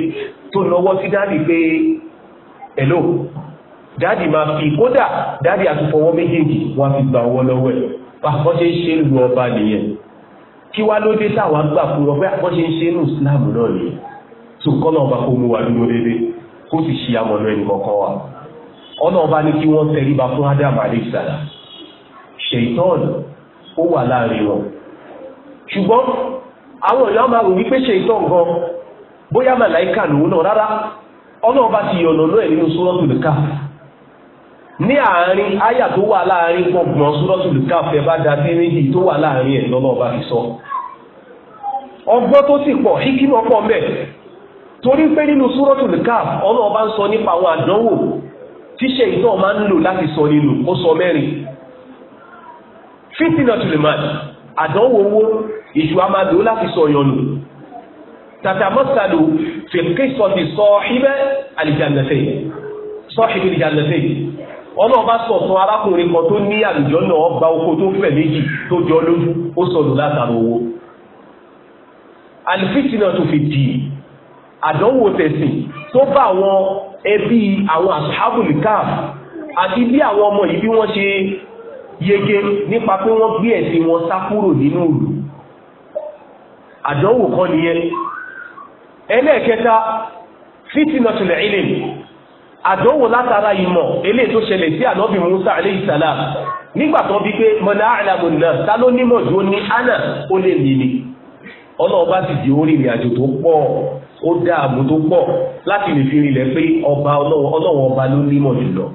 tó lọ́wọ́ sí dáàbì pé Daddy máa fi kódà dáàdì àtúfọwọ́ méjèèjì wá fi gbà ọwọ́ lọ́wọ́ ẹ̀ báwọn ṣe ń ṣe ń lu ọba nìyẹn kí wá ló dé táwa gbà fún wọn pé ń ṣe ń lu Islam náà nìyẹn tó kọ́ náà bá kó mú wa dúró dédé kó sì ṣe wa kí wọ́n fún Adam alexander ṣèitán ó wà láàrin wọn ṣùgbọ́n àwọn èèyàn máa rò wípé ṣèitán gan bóyá lòun náà rárá ti yọ̀nà náà nínú sọ́rọ́tù ní àárín àyà tó wà láàárín gbọ̀ngbọ̀n sùrọ́tùlù káfẹ́ bá da sí méjì tó wà láàárín ẹ̀ lọ́nà ọba fi sọ ọgbọ́n tó sì pọ̀ hikima pọ̀ mẹ́ torí pé nínú sùrọ́tùlù káf ọ̀nà ọba ń sọ nípa àwọn àdánwò tíṣe ìtàn máa ń lò láti sọ nínú ó sọ mẹ́rin fitinatuliman àdánwò ọlọ́run bá sọ̀tún arákùnrin kan tó ní àlùjọ náà ọgbà oko tó fẹ̀ méjì tó jọ lójú ó sọnù látara owó alifitina tó fi dì í àdánwò tẹ̀sìn tó bá àwọn ẹbí àwọn ashabul kaf àti bí àwọn ọmọ yìí bí wọ́n ṣe yege nípa pé wọ́n gbé ẹ̀sìn wọn sá kúrò nínú ìlú àdánwò kan nìyẹn ẹlẹ́ẹ̀kẹta fitina tó lẹ̀ ilé àdánwò látara ìmọ̀ eléyìí tó ṣẹlẹ̀ sí ànábì musa aleyhi salam nígbà tó bí pé mọ̀nà àlàmù náà ta ló nímọ̀ ju ní ana ó lè mí ni ọlọ́ọ̀bá sì di orí ìrìn àjò tó pọ̀ ó dáàmú tó pọ̀ láti lè fi rinlẹ̀ pé ọba ọlọ́wọ̀n ọba ló nímọ̀ jùlọ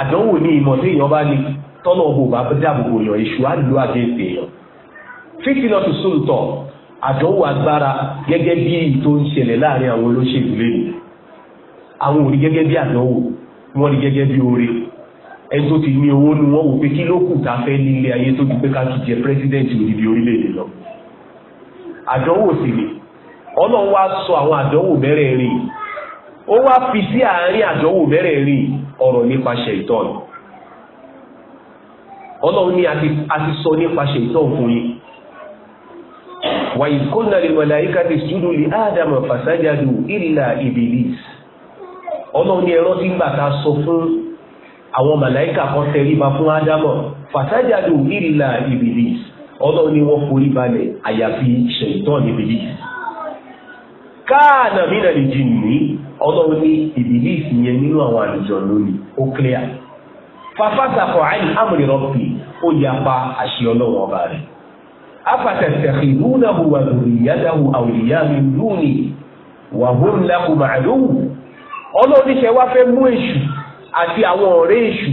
àdánwò ní ìmọ̀ tí èèyàn bá ní tọ́nà ọgbò bá dáàbòbò yàn èṣù á lò àgẹ́sì èèyàn fífìlọ́ tó sóòótọ́ àdánwò agbára gẹ́gẹ́ bí èyí tó ń ṣẹlẹ̀ láàrin àwọn olóṣèlú lẹ́yìn àwọn ò rí gẹ́gẹ́ bí àdánwò wọ́n rí gẹ́gẹ́ bí oore ẹni tó ti ní owó nu wọ́n wò pé kí ló kù tá a fẹ́ ní ilé ayé tó ju pé ká ti jẹ pírẹsidẹ́ǹtì òdìdí orílẹ̀-èdè lọ àdánwò sì ni ọlọ́run wá sọ àwọn àdánwò mẹ́rẹ̀ẹ̀rin ó wá fi sí àárín àdánwò mẹ́rẹ̀ẹ̀rin ọ̀rọ̀ nípa ṣẹ̀tọ́n ọlọ́run ní a ti sọ nípa ṣẹ̀tọ́n fún yín wàyí kó nàlẹ́ mọ̀láyíká ti sùdù lè ádámà fàṣájádù ìlà ìbìlísì ọlọ́run ní ẹ̀rọ tí gbà ta sọ fún àwọn màláìkà kan tẹríba fún ádámọ̀ fàtàjàdù ìrìlà ìbìlìs ọlọ́run ní wọ́n forí balẹ̀ àyàfi ṣèǹtọ́n ìbìlìs káànà mí nà lè jìn ní ọlọ́run ní ìbìlìs yẹn nínú àwọn àlùjọ lónìí ó clear fàfàtàkọ̀ àìní àmì ó yapa àṣẹ ọlọ́run ọba rẹ̀ afatẹ̀tẹ̀kì lúnàbù wà lórí yàdáwù àwòrìyá mi lónìí wà hó ńlá kò màálùú ọlọ́ọ̀níṣẹ́ wá fẹ́ mú èṣù àti àwọn ọ̀rẹ́ èṣù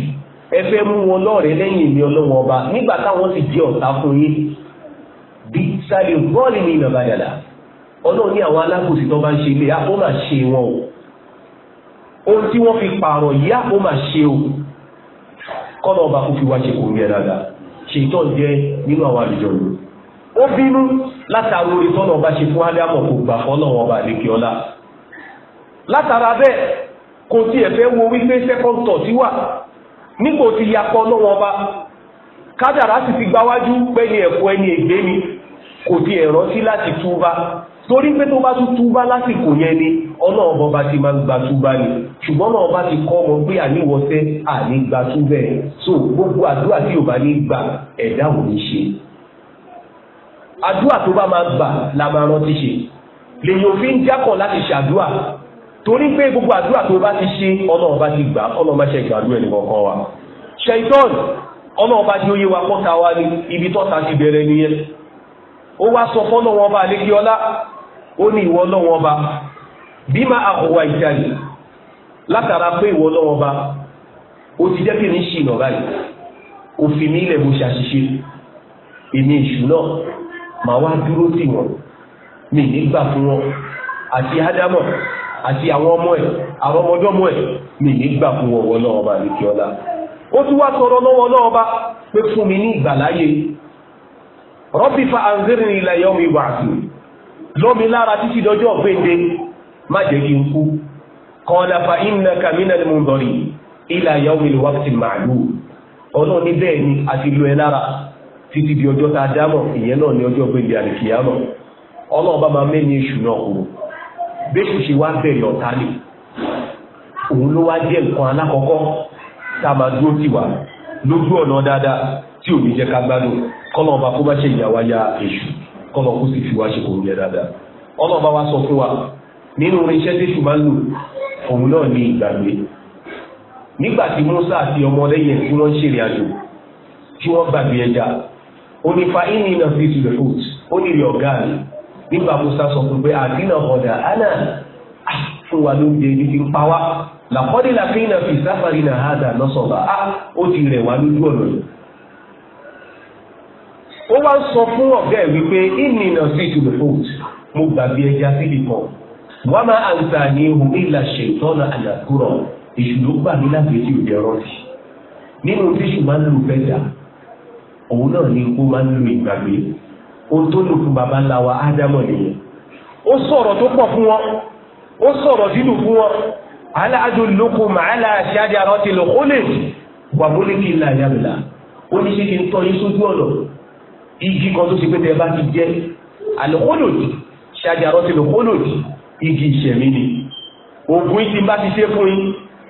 ẹ fẹ́ mú wọn lọ́rẹ̀ẹ́ lẹ́yìn èmi ọlọ́wọ́n ọba nígbà táwọn sì jẹ́ ọ̀tá fún yín bí sáré bọ́ọ̀lì ní ìnàbà dàdà ọlọ́ọ̀ní àwọn alákòóso tó bá ń ṣe ilé á ó máa ṣe wọn o ohun tí wọ́n fi pààrọ̀ yìí á ó máa ṣe o kọ́nà ọba kò fi wá ṣe kò rí ẹ dáadáa ṣètò jẹ́ nínú àwọn àlejò rẹ̀ ó bínú látàrí orí tọ́nà ọba ṣe fún ádámọ̀ kò gbà fọ́nà ọba àdékè látara bẹ́ẹ̀ kò tiẹ̀ fẹ́ wo wípé second thought wà nípò ti yakọ lọ́wọ́ ọba kádàrá sì ti gbáwájú pẹ́ni ẹ̀kọ́ ẹni ègbé ni kò tiẹ̀ rántí láti túbá torí pé tó bá tún túbá lásìkò yẹn ni ọlọ́ọ̀bọ bá ti máa gba túbá ni ṣùgbọ́n náà bá ti kọ́ ọmọ pé àníwọ̀sẹ́ àní túbẹ̀ so gbogbo àdúrà tí ò bá ní gbà ẹ̀dá ò ní ṣe àdúrà tó bá máa gbà la máa rántí ṣe lèyìn òfin jákọ̀ láti ṣàdúrà torí pé gbogbo àdúrà tó bá ti ṣe ọlọ́run bá ti gbà ọlọ́run bá ṣe gbàdúrà ẹnì kọ̀ọ̀kan wa ṣẹ̀tọ́n ọlọ́run bá ti ó yé wa pọ́ta wa ní ibi tọ́ta ti bẹ̀rẹ̀ nìyẹn ó wá sọ fọ́nà wọn bá lékè ọlá ó ní ìwọ ọlọ́run ọba bí máa àkọwà ìjàlè látara pé ìwọ ọlọ́run ọba ó ti jẹ́ kí ṣì nà báyìí òfin mi ilẹ̀ mo ṣàṣìṣe èmi ìṣù màá wá dúró mi nígbà fún wọn àti àti àwọn ọmọ ẹ̀ àwọn ọmọdọ́mọ ẹ̀ mi ní gbà fún wọn náà ọba àlekí ọlá ó tún wá tọrọ lọ́wọ́ ọba pé fún mi ní ìgbàláyé rọ́bì fa anzirni ila lọ́mi lára títí dọjọ́ ọ̀gbẹ́ndé má jẹ́ kí n kú kọ́ńdà fa ila yawmi ìwàásù màálù ọlọ́ọ̀ni bẹ́ẹ̀ ni àti lu ẹ lára títí di ọjọ́ tá a dámọ̀ bẹ́ẹ̀ ṣe wá bẹ̀rẹ̀ ọ̀tá lè òun ló wá jẹ́ nǹkan alákọ̀ọ́kọ́ tá a máa dúró tì wá lójú ọ̀nà dáadáa tí òbí jẹ́ ká gbádùn ọba kó bá ṣe ìyàwó ayá èṣù kó sì fi wá ṣe kò yẹ dáadáa ọlọ́ọ̀bá wa sọ fún wa nínú irinṣẹ́ tí èṣù máa ń lò òun náà ní ìgbàgbé Musa àti ọmọ lẹ́yìn tí wọ́n gbàgbé ẹja nígbà musa sọ pé àdínà ọ̀dà àná ah, fún wa ló ń jẹ ibi tí ń pa wá làkọ́dé làkínà fi sáfàrí nà á dà lọ́sọ̀bà á ah, ó ti rẹ̀ wá lójú ọ̀nà yìí. ó wá ń sọ fún ọ̀gá ẹ̀ wípé ìnìyàn sí to the fold mo gbàgbé ẹja síbi kan wà á máa àǹtà ní ihò ìlà ṣètọ́nà àyàkúrọ̀ ìṣùlò gbà mí láti ètí òde rọ́ọ̀tì nínú tíṣù máa ń lò fẹ́ dà òun náà ni kó máa ń lo ìgbàgbé ohun tó fún baba ńlá wa ádámọ̀ nìyẹn ó sọ̀rọ̀ tó pọ̀ fún wọn ó sọ̀rọ̀ dídù fún wọn aláàjò lóko màálà ṣáàdì àrọ́ ti lò ó lè wà múlíkì ńlá ìyàmìlá ó ní ṣe kí n tọ́ yín sójú ọ̀nà igi kan tó ṣe pé tẹ́ bá ti jẹ́ àlòkólòdì ṣáàdì àrọ́ ti lò ó lòdì igi ìṣẹ̀mí ni oògùn yìí ti bá ti ṣe fún yín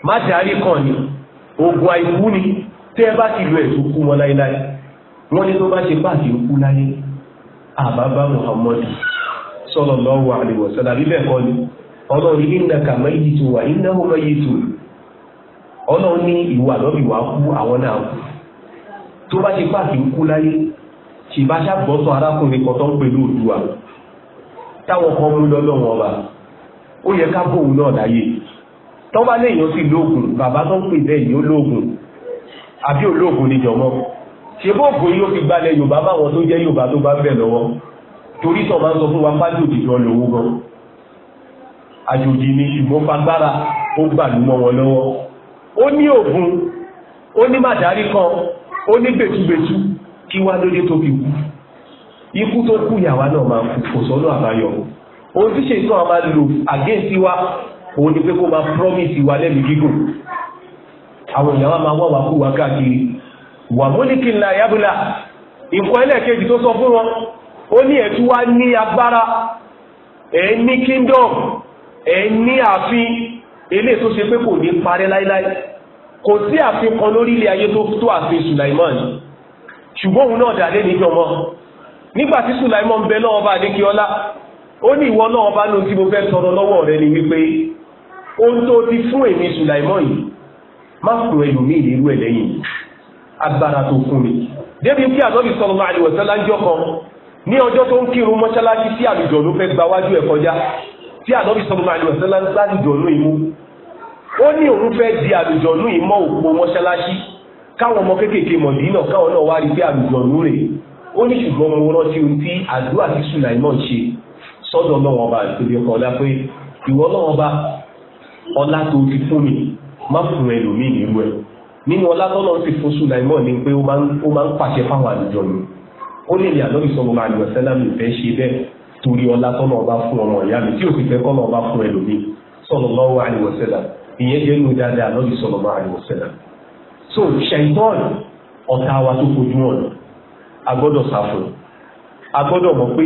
má darí kàn ní oògùn àìkú ni tẹ́ bá ti lo ẹ̀sùn kú wọn láéláé wọ́n ní tó bá ṣe bá àti òkú láyé Ababa muhammadu sallallahu alaihi wasallam bíbẹ̀ kọ́ ni ọlọ́run ní innaka mayyitun wa innahum mayyitun ọlọ́run ní ìwà lọ́bì wá kú àwọn náà kú tó bá ti pààkì ń kú láyé ṣì bá arákùnrin kan tó ń pè lóòdùà táwọn kan mú lọ́lọ́run ọba ó yẹ ká bóun náà láyé lóògùn bàbá tó ń pè bẹ́ẹ̀ ó lóògùn àbí ṣe bó ògùn yìí ló fi gbalẹ̀ yorùbá báwọn tó jẹ́ yorùbá tó bá bẹ̀ lọ́wọ́ torí sọ máa ń sọ fún wa pàdé òjijì ọlọ́wọ́ gan àjòjì ni ṣùgbọ́n fagbára ó gbàlúmọ̀ wọn lọ́wọ́ ó ní ògùn ó ní màdárí kan ó ní gbètúgbètú kí wá lóde tó fi kú ikú tó kú yàwá náà máa kú kò sọ́nà àbáyọ ohun tí ṣe tán a máa lò àgéǹsí wa òun ni pé kó máa promise wa lẹ́mìí gígùn àwọn ìyàwó máa wá wá kú wá káàkiri wà múlìkì ńlá yábùlà nǹkan ẹlẹ́ẹ̀kejì tó sọ fún wọn ó ní ẹ̀tú wá ní agbára ẹ̀ ní kingdom ẹ̀ ní ààfin eléyìí tó ṣe pé kò ní parẹ́ láíláí kò sí ààfin kan lórí ilé ayé tó tó ààfin Sulaiman ṣùgbọ́n òun náà dàdé níjọ mọ́ nígbà tí Sulaiman bẹ lọ́wọ́ adékíọ́lá ó ní ìwọ náà bá lóun mo fẹ́ tọrọ lọ́wọ́ rẹ ni wípé ohun tó ti fún èmi Sulaiman yìí má fún ẹlòmíì lérú ẹ̀ lẹ́yìn yìí agbára tó fún mi débi kí ànábì sallallahu alaihi wasallam ń jọ kan ní ọjọ́ tó ń kírun mọ́ṣáláṣí tí àlùjọ ló fẹ́ gba wájú ẹ̀ kọjá tí ànábì sallallahu alaihi wasallam ń gbàlùjọ ní imú ó ní òun fẹ́ di àlùjọ ní ìmọ̀ òpó mọ́ṣáláṣí káwọn ọmọ kéékèèké mọ̀dínà káwọn náà wá rí pé àlùjọ ní rè ó ní ọlá tó ti fún mi má fún ẹlòmíì nírú ẹ̀ nínú ọlá tọ́lọ́ sì fún Sùláìmọ̀ ni pé ó máa ń pàṣẹ fáwọn àlùjọ ni ó lè lè àlọ́bì sọ̀rọ̀ máa lọ sẹ́lá fẹ́ ṣe torí ọlá ọba fún ọmọ ìyá mi tí fi fẹ́ kọ́ ọba fún ẹlòmíì sọ̀rọ̀ lọ́wọ́ àlùwọ̀sẹ̀lá ìyẹn jẹ́ inú dáadáa àlọ́bì so ṣàìtọ́n ọ̀tá wa tó fojú wọn a gbọ́dọ̀ mọ̀ pé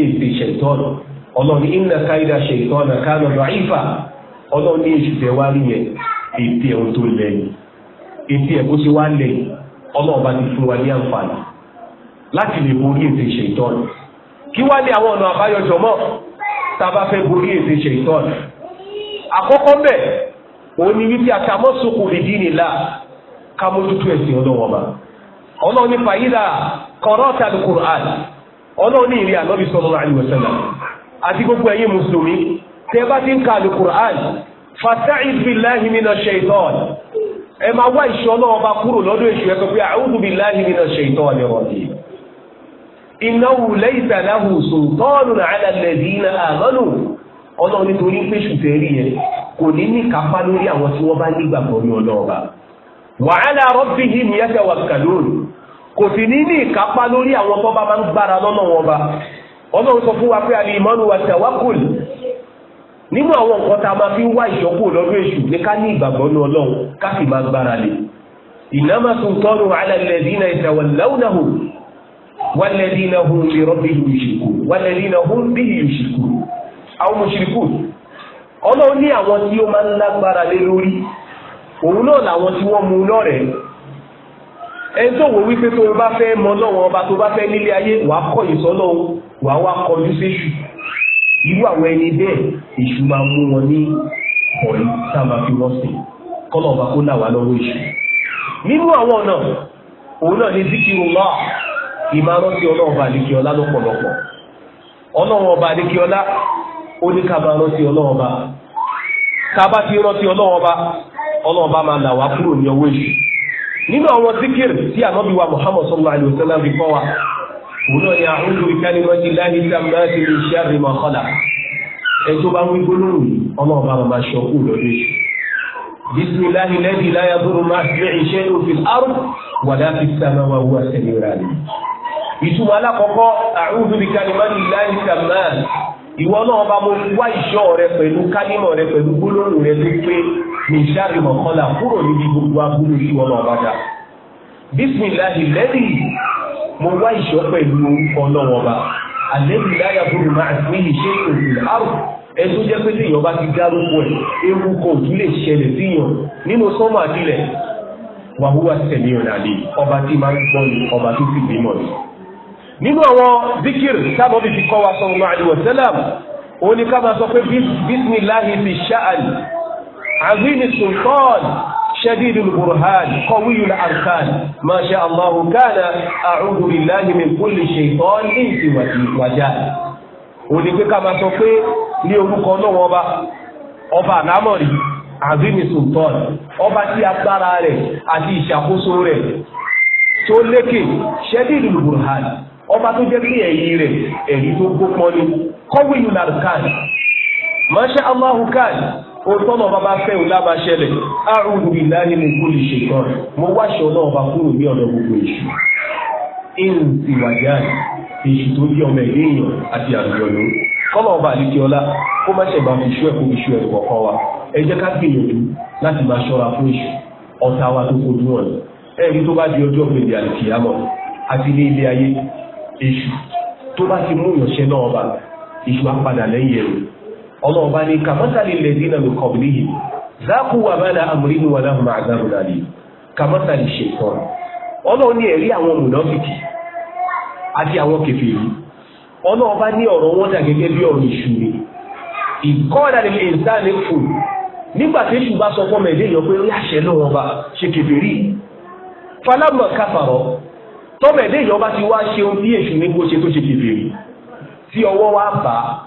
ọlọ́ni inna káyidá ọlọ́ni etí ẹ̀ bó ṣe wá lẹ̀ ọlọ́run bá ti fún wa ní àǹfààní láti lè borí ètè ṣètọ́nù kí wá ní àwọn ọ̀nà àbáyọjọ mọ́ tá a bá fẹ́ borí ètè ṣètọ́nù àkọ́kọ́ bẹ̀ òun ni wípé àtàmọ́sokò lèdí nìlá ká mójútó ẹ̀sìn ọlọ́wọ́n bá ọlọ́run ní fàyídà kọ́rọ́ọ̀tà alukur'an ọlọ́run ní ìrìn ànábì sallallahu alaihi ẹ máa wá ìṣọ́ náà ọba kúrò lọ́dọ̀ èṣù ẹ̀kọ́ pé a'udhu billahi minash shaitani rajim. innahu laysa lahu sultanun 'ala alladhina amanu ọlọ́run nítorí pé ṣùtẹ́rì yẹn kò ní ní kápá lórí àwọn tí wọ́n bá nígbàgbọ́ ní ọlọ́ọ̀ba. kò sì ní ní ìkápá lórí àwọn tó bá máa ń gbára lọ́nà wọn ba ọlọ́run sọ fún wa pé nínú àwọn nǹkan tá a máa fi wá ìyọkù lọ́dún èṣù ní ká ní ìgbàgbọ́ ní ọlọ́run ká sì máa gbára lé ìnáma tó tọ́nu alẹ́lẹ́dínà ìtàwọ̀láwùnáhù wàlẹ́dínà hùn lè rọ́bì ìṣìkù wàlẹ́dínà hùn bí ìṣìkù àwọn mùṣìríkù ọlọ́run ní àwọn tí ó máa ń lágbára lé lórí òun náà làwọn tí wọ́n mú lọ́rẹ̀ẹ́ ẹni tó wò wípé tó o bá fẹ́ mọ lọ́wọ́ ọba tó bá fẹ́ nílé ayé wàá kọ̀yìn sọ́lọ́run irú àwọn ẹni bẹ́ẹ̀ èṣù máa mú wọn ní ọ̀rí tá a máa fi wọ́n sìn kọ́lọ̀ ọba kó làwà lọ́wọ́ èṣù nínú àwọn ọ̀nà òun náà ní zikirullah ìmárọ́sí ọlọ́ọ̀ba àdékíọlá lọ́pọ̀lọpọ̀ ọlọ́ọ̀ba àdékíọlá ó ní ká máa rántí ọlọ́ọ̀ba ti rántí ọlọ́ọ̀ba ọlọ́ọ̀ba máa là wá kúrò ní ọwọ́ èṣù nínú àwọn tí òun náà yà áhùn lórí kálímọ́tì láti sàmúlá ti lè ṣe àrèmọ̀ kọ́là ẹ tó bá ń wí gbólóhùn yìí ọlọ́ọ̀bá máa ṣọ kù lọ́dún yìí. bisimilahi lẹ́bi láyà bóró máa fi iṣẹ́ òfin àrùn wàdà fi sàmà wà wú àtẹ̀lé rà ní. ìtumọ̀ alákọ̀ọ́kọ́ àrùn lórí kálímọ́tì láti sàmúlá ìwọ náà bá mo wá ìṣọ́ rẹ pẹ̀lú kálímọ̀ rẹ pẹ̀lú gbólóhùn rẹ tó pé ní ìṣàrí mọ̀kànlá kúrò níbi gbogbo agbóhùn ìṣúwọ́ náà bá dà. bísímìláhì lẹ́bi mo wá ìṣọ́ pẹ̀lú orúkọ náà ọba àlẹ́bí láyà fúnmi máa fi ìṣe ìròyìn àrùn ẹtú jẹ́ pé téèyàn bá ti dárúkọ ẹ̀ ewu kan ò tún lè ṣẹlẹ̀ síyàn nínú sọ́mà àdìlẹ̀ wàhúwà tẹ̀lé ọ̀nà àlè ọba tí máa ń gbọ́ ni ọba tó sì bímọ ni. nínú àwọn zikir sábà fi kọ́ wa sọ̀rọ̀ àdìwọ̀ sẹ́lám òun ni ká máa sọ pé bísmìláhi fi ṣáàlì àzínì sultan شديد البرهان قوي الأركان ما شاء الله كان أعوذ بالله من كل شيطان إنس وجان onígbé ká máa sọ pé ní orúkọ náà ọba ọba àlámọ̀rí azimi sultan ọba tí agbára rẹ̀ àti ìṣàkóso rẹ̀ tó lékè ṣẹ́díìlì burhan ọba tó jẹ́ pé ẹ̀yìn rẹ̀ ẹ̀rí tó gbópọn ni kọ́wé yunarkan masha allahu kan òtọ́nà bàbá fẹ́ ò lábà ṣẹlẹ̀ àrùn ìlà ni mo kó lè ṣe kan mo wáṣọ náà bá kúrò ní ọ̀nà gbogbo èṣù ìhùn ìwàjá èṣù tó jẹ́ ọmọ ẹ̀dẹ́ èèyàn àti àrùyọ̀nù kọ́nà ọba àdìkí ọlá kó má ṣẹ̀bà fi iṣu ẹ̀kọ́ iṣu ẹ̀rù kọ̀ọ̀kan wa ẹ jẹ́ ká gbìyànjú láti máa ṣọ́ra fún èṣù ọ̀tá wa tó kojú wọn ẹ̀rí tó bá di ọjọ́ gbèdé àdìkìyàmọ̀ àti ní ilé ayé èṣù tó bá ti mú ìyànṣẹ́ náà ọba èṣù ọlọ́run bá ní kàmásàlì lẹ́dínà ló bá na amúrínú wà láhùn máa dáhùn náà yìí kàmásàlì ṣe tọ́ ọlọ́run ní ẹ̀rí àwọn àti àwọn ọlọ́run bá ní ọ̀rọ̀ wọn dà gẹ́gẹ́ ni lè ìsán fún nígbà tí èṣù bá sọ fún ọmọ ẹ̀dẹ́ èèyàn pé orí àṣẹ náà bá ṣe kèfèrí falámọ̀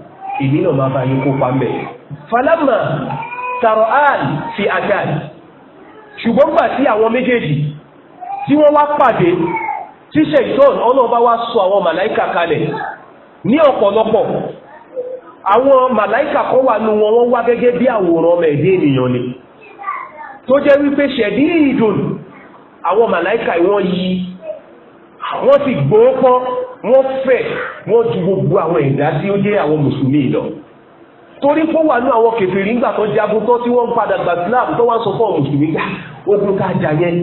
èmi náà máa bá yín kópa ń bẹ̀. falama tàrọ àn fi àgàn ṣùgbọ́n gbà tí àwọn méjèèjì tí wọ́n wá pàdé tí ṣèitán ọlọ́ọ̀bá wá sọ àwọn màláìkà kalẹ̀ ní ọ̀pọ̀lọpọ̀ àwọn màláìkà kan wà nù wọn wọ́n wá gẹ́gẹ́ bí àwòrán ọmọ ẹ̀dẹ́ ènìyàn ni tó jẹ́ wípé ṣẹ̀dí ìdùn àwọn màláìkà wọ́n yí wọ́n sì gbòó pọ́n wọ́n fẹ̀ wọ́n ju gbogbo àwọn ẹ̀dá tí ó jẹ́ àwọn mùsùlùmí lọ torí pé wà ní àwọn jagun tó tí wọ́n ń padà gba Islam tó wá ń sọ fún àwọn mùsùlùmí gbà ogun ah, ká jà yẹn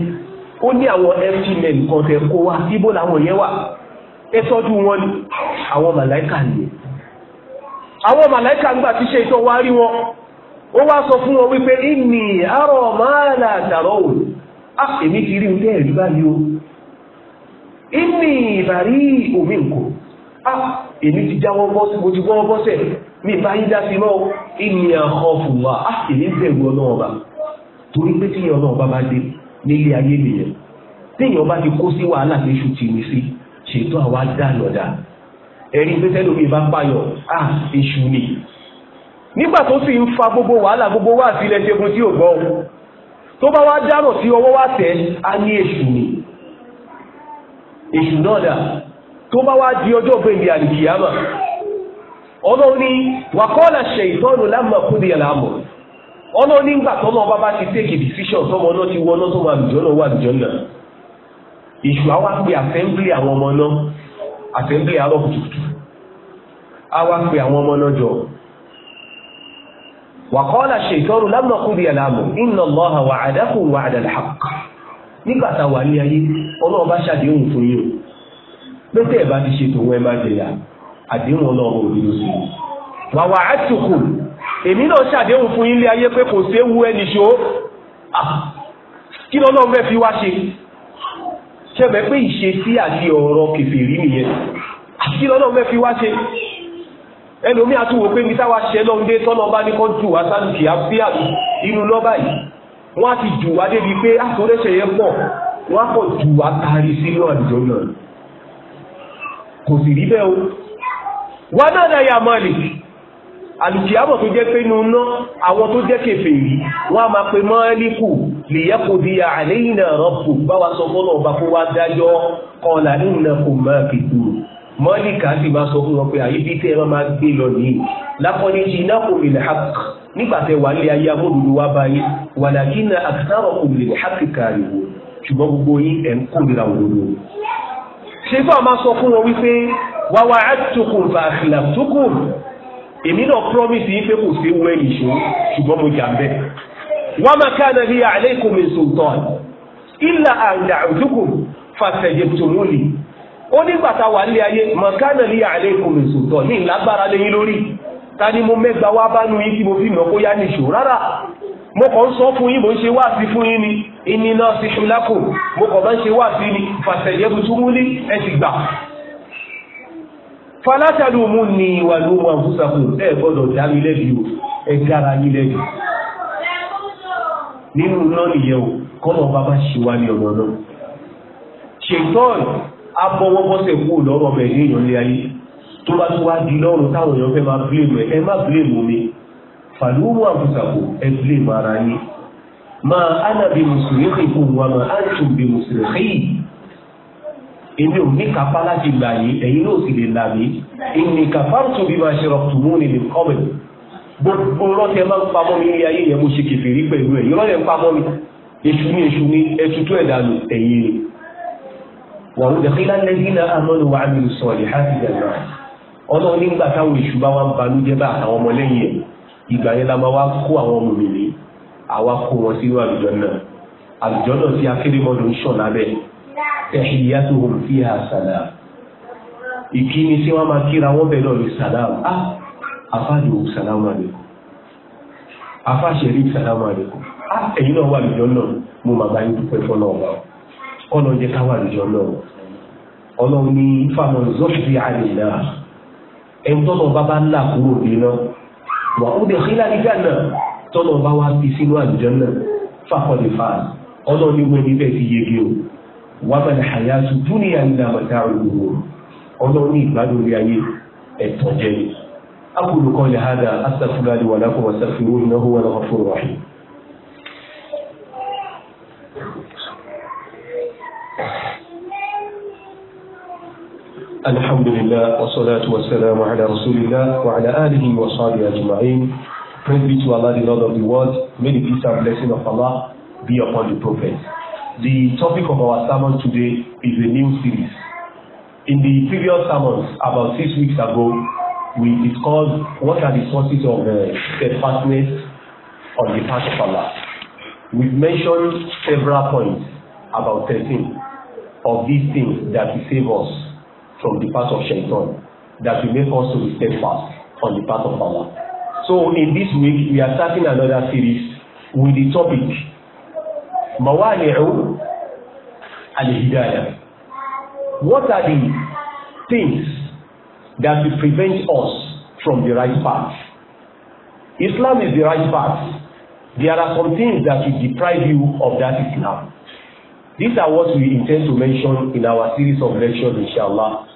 ó ní àwọn empty kan tẹ kó wa ibo làwọn yẹn wà ẹ tọ́jú wọn ni àwọn màláìkà àwọn màláìkà ńgbà tí ṣe ìní ìbàrí omi nǹkó a ah, èmi ti jáwọ́ bọ́ sí mo ti gbọ́ bọ́sẹ̀ mi bá yín dá sí mọ́ ìní àhọ́ fún wa a èmi bẹ̀rù ọlọ́ọ̀ba torí pé tíyẹn ọlọ́ọ̀ba bá dé nílé ayé nìyẹn tíyẹn ọba ti kó sí wàhálà léṣu tì mí sí ṣètò àwa dá lọ́dà ẹ̀rí pé tẹ́lómi bá payọ̀ a èṣù ni nígbà tó sì ń fa gbogbo wàhálà gbogbo wá sílẹ̀ ṣẹ́gun tí ò gbọ́ tó bá wá dárò sí ọwọ́ wá tẹ̀ á ní èṣù ni èṣù náà dà tó bá wá di ọjọ́ òpin ìdí àlìkìyàmà ọlọ́run ní wàkọ́ọ̀lá ṣe ìtọ́nù lámà kú di àlàmọ̀ ọlọ́run ní gbà tọ́mọ bá bá ti take a decision tọ́mọ náà ti wọná tó máa lùjọ́ náà wà náà èṣù àwa pe assembly àwọn ọmọ náà assembly àárọ̀ kùtùkùtù àwa pe àwọn ọmọ náà jọ wàkọ́ọ̀lá ṣe ìtọ́nù lámà kú nígbà tá a wà ní ayé ọlọ́run bá ṣàdéhùn fún yín o pé tẹ́ ẹ̀ bá ti ṣe tòun ẹ má jẹyà àdéhùn ọlọ́run ò dúró sí i. wàwà àtùkù èmi náà ṣàdéhùn fún yín lé ayé pé kò séwu ẹnì ṣó kí lọ́lọ́run fẹ́ fi wá ṣe ṣẹ́bẹ̀ pé ìṣesí àti ọ̀rọ̀ kèfèrí nìyẹn kí lọ́lọ́run fẹ́ fi wá ṣe ẹlòmíà tún wò pé níta wá ṣẹlọ́ndé tọ́lọ́ bá ní kọ́ jù wá sáà wọ́n á ti jù wá débi pé àtúndẹ́sẹ̀ ah, yẹn pọ̀ wọ́n á pọ̀ jù wá kárí sínú àdìjọ náà kò sì rí bẹ́ẹ̀ o wà náà náà yà máa lè àlùkìyàbọ̀ tó jẹ́ pé nínú àwọn tó jẹ́ kèfè rí wọ́n á máa pe mọ́ẹ́líkù lè yẹ di àléyìn náà rọ́pù bá sọ fọ́nà ọba kó wá dájọ́ kọ́ọ̀là nínú kò máa fi mọ́líkà sì máa sọ fún wọn pé àyíbí tẹ́ ẹ máa gbé lọ nìyí lápọ́nìjì iná kò lè lè hàk nígbà tẹ́ wà lé ayé amóhùnmí wá báyìí wà láti iná àtàwọn kò lè lè hàk kàrí wò ṣùgbọ́n gbogbo yín ẹ̀ ń kó nira òdodo. ṣé fún àmà sọ fún wọn wípé wà wà á tukùn bá a fìlà tukùn èmi náà promise yín pé kò sí wẹ́ ìṣó ṣùgbọ́n mo jà bẹ́ẹ̀. wà á ká nàbí àlékún mi sultan ilà àǹdà àdúkùn tòmólì ó nígbà tá a wà nílé ayé mọ̀kánà ní àlẹ́ ìkùnlẹ̀ sòtọ̀ ní ìlágbára lẹ́yìn lórí ta ni mo mẹ́gbàá wá bá nu yín tí mo fi nà kó yá nìṣó rárá mo kàn ń sọ fún yín mo ń ṣe wáàsí fún yín ni ìní náà sì ṣe lákò mo kàn bá ń ṣe wáàsí ni fàṣẹyẹbù tún múlí ẹ sì gbà. falátàlú mú ni ìwà ló mú àbúṣàkùn ẹ gbọ́dọ̀ dá mi lẹ́bi o ẹ dára yín lẹ́bi nínú náà nìyẹn o kọ́nà bàbá ṣe wá ní ọ̀nà náà ṣètọ́ọ̀nù abọ́wọ́bọ́sẹ̀ kú lọ́rọ̀ ọmọ ẹ̀dẹ́ èèyàn lé ayé tó bá tún wá di lọ́rùn táwọn èèyàn fẹ́ máa bílèmù ẹ ẹ má bílèmù mi fàlúrù àbùsàkò ẹ bílèmù ara yín máa ánàbí mùsùlùmí kò wà máa áńtùm bí mùsùlùmí èmi ò ní kápá láti gbà yìí ẹ̀yin náà sì lè là mí ìní kàfáàtù bí máa ṣe rọ̀tùmú ni lè wàhùn dẹ̀kílá lẹ́yìn amọ́nù wa mi sọ ní hásìdẹ̀ náà ọlọ́run nígbà táwọn èṣù bá wà ń banújẹ́ bá àtàwọn ọmọlẹ́yìn ẹ̀ ìgbà yẹn la máa wá kó àwọn ọmọ mi lé àwa kó wọn sínú àlùjọ náà àlùjọ náà tí akérèmọdò ń ṣàn lábẹ́ tahiyyatuhum fiha salam ìkíni tí wọ́n máa kíra wọ́n bẹ̀rẹ̀ lórí salam ah afáàdì òun salam aleikum afáṣẹ̀rí salam aleikum ah ẹ̀yin náà wà àlùjọ náà mo màgbá yín dúpẹ́ fọ́nà ọ̀gá ọ̀ kọ́nà jẹ́ ká wà lójú ọlọ́run ọlọ́run ní fáwọn zọ́ọ̀tì àlè náà ẹni tọ́lọ̀ bá bá là kúrò níná wà ó dẹ̀ xílá nígbà náà tọ́lọ̀ bá wá fi sínú àlùjọ náà fàkọlẹ̀ fà ọlọ́run ní wọ́n níbẹ̀ ti yege o wà bẹ̀rẹ̀ àyàtú dúnìyà ní àbàtà òwò ọlọ́run ní ìgbádùn orí ayé ẹ̀tọ́ jẹ́ ni. أقول قولي هذا أستغفر لي ولكم وأستغفروه إنه هو الغفور الرحيم الحمد لله والصلاة والسلام على رسول الله وعلى آله وصحبه أجمعين Praise be to Allah, the Lord of the world. May the peace and blessing of Allah be upon the Prophet. The topic of our sermon today is a new series. In the previous sermons, about six weeks ago, we discussed what are the sources of uh, steadfastness on the path of Allah. we mentioned several points, about 13, of these things that save us from the path of shaitan that will make us to be steadfast on the path of Allah. So in this week we are starting another series with the topic Mawani'u al-Hidayah. What are the things that will prevent us from the right path? Islam is the right path. There are some things that will deprive you of that Islam. These are what we intend to mention in our series of lectures, inshallah.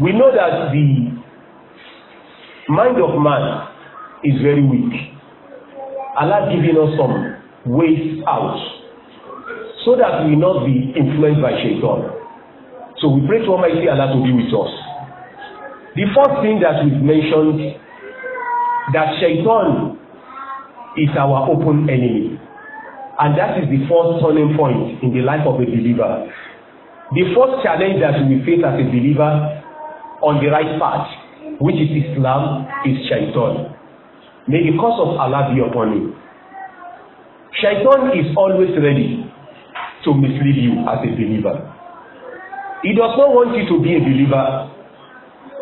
We know that the mind of man is very weak. Allah giving us some ways out so that we not be influenced by shaitan. So we pray to Almighty Allah to be with us. The first thing that we've mentioned that shaitan is our open enemy. And that is the first turning point in the life of a believer. The first challenge that we face as a believer on the right path, which is Islam, is shaitan. May the curse of Allah be upon you. Shaitan is always ready to mislead you as a believer. He does not want you to be a believer.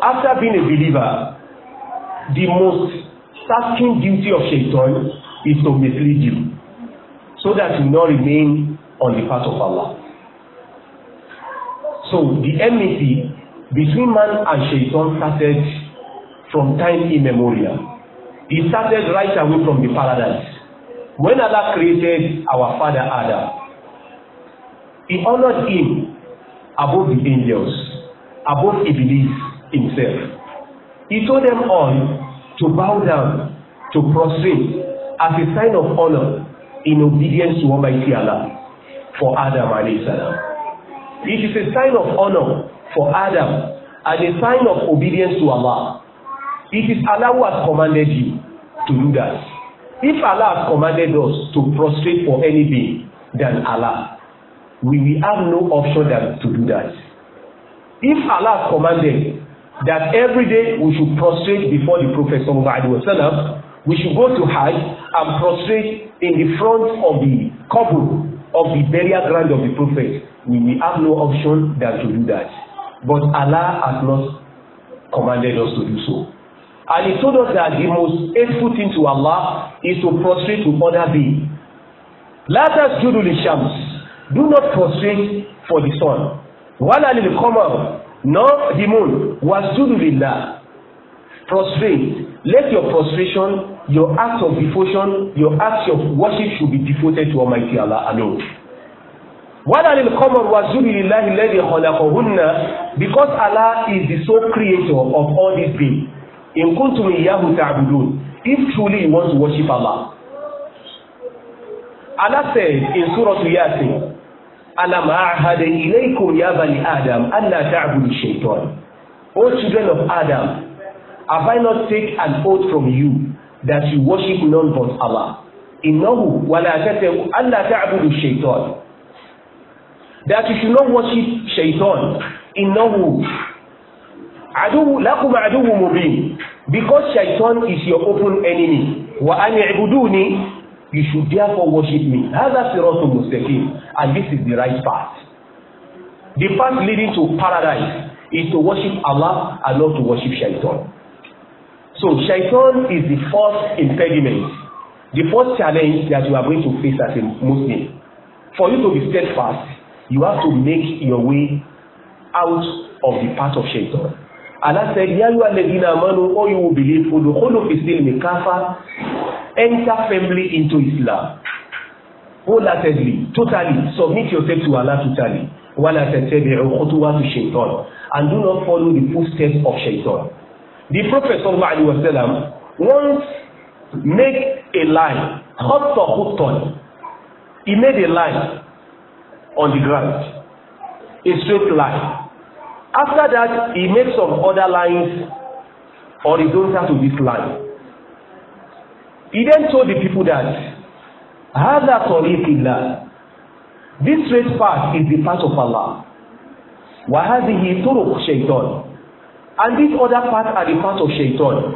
After being a believer, the most taxing duty of shaitan is to mislead you so that we not remain on the path of Allah. So the enmity between man and Shaitan started from time immemorial. It started right away from the paradise. When Allah created our father Adam, he honored him above the angels, above Iblis himself. He told them all to bow down, to prostrate as a sign of honor in obedience to Almighty Allah for Adam alayhi salam. It is a sign of honor for Adam and a sign of obedience to Allah. It is Allah who has commanded you to do that. If Allah has commanded us to prostrate for any being than Allah, we will have no option than to do that. If Allah has commanded that every day we should prostrate before the Prophet sallallahu alaihi wasallam, we should go to Hajj and prostrate in the front of the couple of the burial ground of the prophet we will have no option than to do that but Allah has not commanded us to do so and he told us that the most hateful thing to Allah is to prostrate to other being latas judu li shams do not prostrate for the sun wala lil qamar no, the moon was wasjudu lillah prostrate let your prostration your act of devotion your act of worship should be devoted to Almighty Allah alone wàdàlí kọ́mọ̀ wàzúbi lillahi lẹ́yìn ọ̀làkọ̀húnnà because Allah is the sole creator of all these beings in kuntum iyahu ta'budun if truly you want to worship Allah Allah said in Surah Yasin alam ahada ilaykum ya bani adam alla ta'budu shaitan o children of adam have i not take an oath from you that you worship none but Allah. Innahu wa la tatabu alla ta'budu shaitan. That you should not worship shaitan. Innahu aduwu lakum aduwu mubin. Because shaitan is your open enemy. Wa an i'buduni you should therefore worship me. Hadha siratun mustaqim. And this is the right path. The path leading to paradise is to worship Allah and not to worship shaitan. So shaitan is the first impediment, the first challenge that you are going to face as a Muslim. For you to be steadfast, you have to make your way out of the path of shaitan. Allah said, Ya ayyuha alladhina amanu, all you who believe, udkhulu fi silmi kafa, enter firmly into Islam. Wholeheartedly, totally, submit yourself to Allah totally. Wala tattabi'u to shaitan. And do not follow the footsteps of shaitan the prophet sallallahu alaihi wasallam once make a line hot or hot on he made a line on the ground a straight line after that he made some other lines horizontal to this line he then told the people that hadha tariqillah this straight path is the path of Allah wa hadhihi turuq shaitan and these other parts are the part of shaitan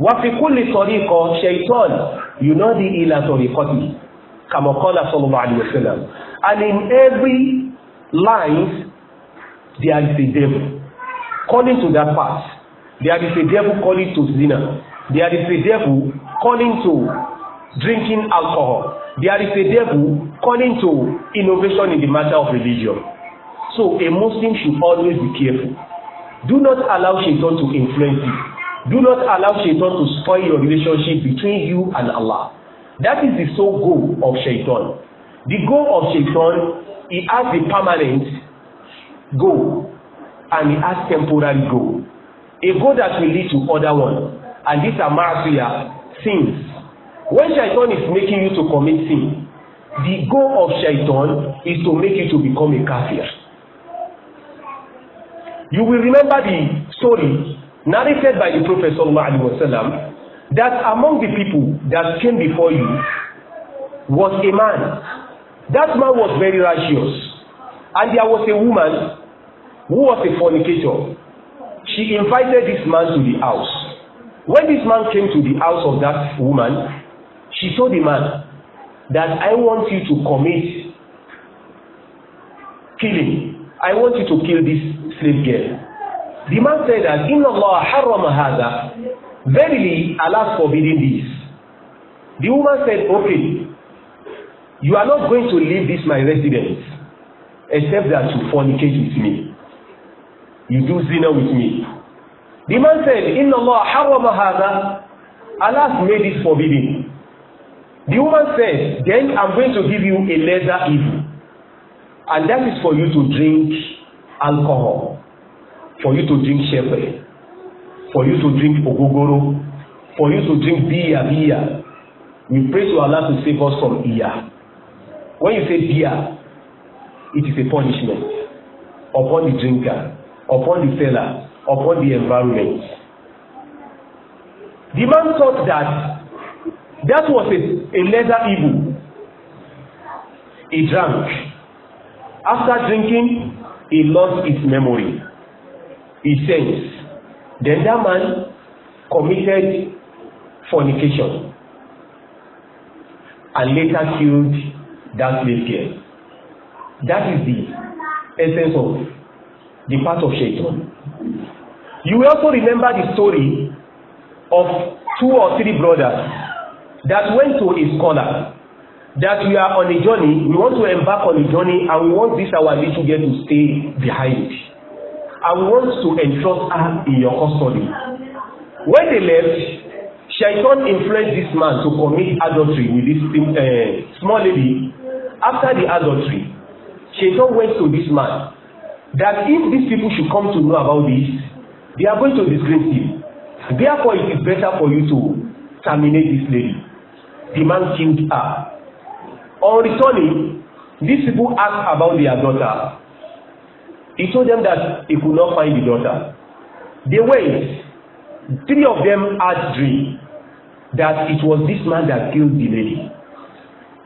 وفي كل طريقة شيطان ينادي إلى طريقته كما قال صلى الله عليه وسلم and in every line there is a devil calling to that part. there is a devil calling to zina there is a devil calling to drinking alcohol there is a devil calling to innovation in the matter of religion so a Muslim should always be careful Do not allow Shaitan to influence you. Do not allow Shaitan to spoil your relationship between you and Allah. That is the sole goal of Shaitan. The goal of Shaitan, he has a permanent goal and he has temporary goal. A goal that will lead to other one. And these are ma'asiyah, sins. When Shaitan is making you to commit sin, the goal of Shaitan is to make you to become a kafir you will remember the story narrated by the Prophet sallallahu alaihi wasallam that among the people that came before you was a man. That man was very righteous. And there was a woman who was a fornicator. She invited this man to the house. When this man came to the house of that woman, she told the man that I want you to commit killing. I want you to kill this slave girl. The man said that Inna Allah harrama hadha. Verily, Allah has forbidden this. The woman said, Okay, you are not going to leave this my residence except that you fornicate with me. You do zina with me. The man said, Inna Allah harrama hadha. Allah has made this forbidden. The woman said, Then I'm going to give you a lesser evil, and that is for you to drink alcohol for you to drink shefe for you to drink ogogoro for you to drink beer beer we pray to Allah to save us from iya when you say beer it is a punishment upon the drinker upon the seller upon the environment the man thought that that was a, a lesser evil he drank after drinking he lost his memory he sins then that man committed fornication and later killed that slave girl that is the essence of the part of shaitan you will also remember the story of two or three brothers that went to a scholar that we are on a journey we want to embark on a journey and we want this our little girl to stay behind I want to entrust her in your custody. When they left, Shaitan influenced this man to commit adultery with this uh, small lady. After the adultery, Shaitan went to this man that if these people should come to know about this, they are going to disgrace him. Therefore, it is better for you to terminate this lady. The man killed her. On returning, these people asked about their daughter. He told them that he could not find the daughter. They went. Three of them had dream that it was this man that killed the lady.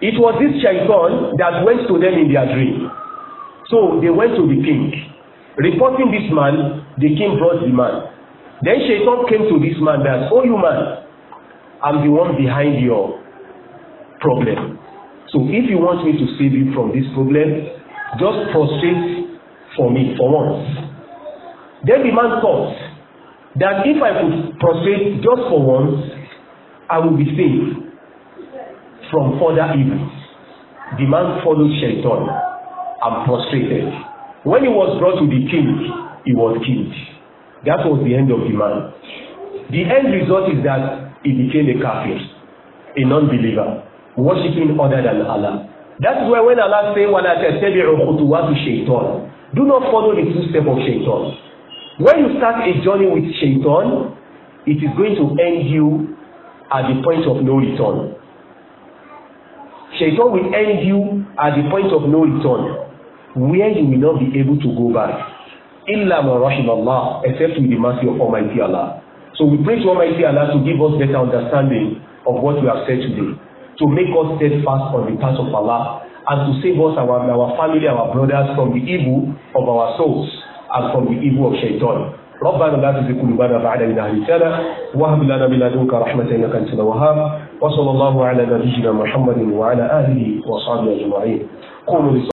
It was this shaitan that went to them in their dream. So they went to the king. Reporting this man, the king brought the man. Then shaitan came to this man that, oh you man, I'm the one behind your problem. So if you want me to save you from this problem, just prostrate for me for once. Then the man thought that if I could prostrate just for once, I would be safe from further evils. The man followed Shaitan and prostrated. When he was brought to the king, he was killed. That was the end of the man. The end result is that he became a kafir, a non-believer, worshipping other than Allah. That's where when Allah say, وَلَا تَتَّبِعُوا خُطُوَاتِ الشَّيْطَانِ Do not follow the footsteps of Shaitan. When you start a journey with Shaitan, it is going to end you at the point of no return. Shaitan will end you at the point of no return, where you will not be able to go back. Illa ma rahim Allah, except with the mercy of Almighty Allah. So we pray to Almighty Allah to give us better understanding of what we have said today, to make us steadfast on the path of Allah and to save us our our family our brothers from the evil of our souls and from the evil of shaitan. ربنا لا تزغ قلوبنا بعد إذ هديتنا وهب لنا من لدنك رحمة إنك أنت الوهاب وصلى الله على نبينا محمد وعلى آله وصحبه أجمعين. قولوا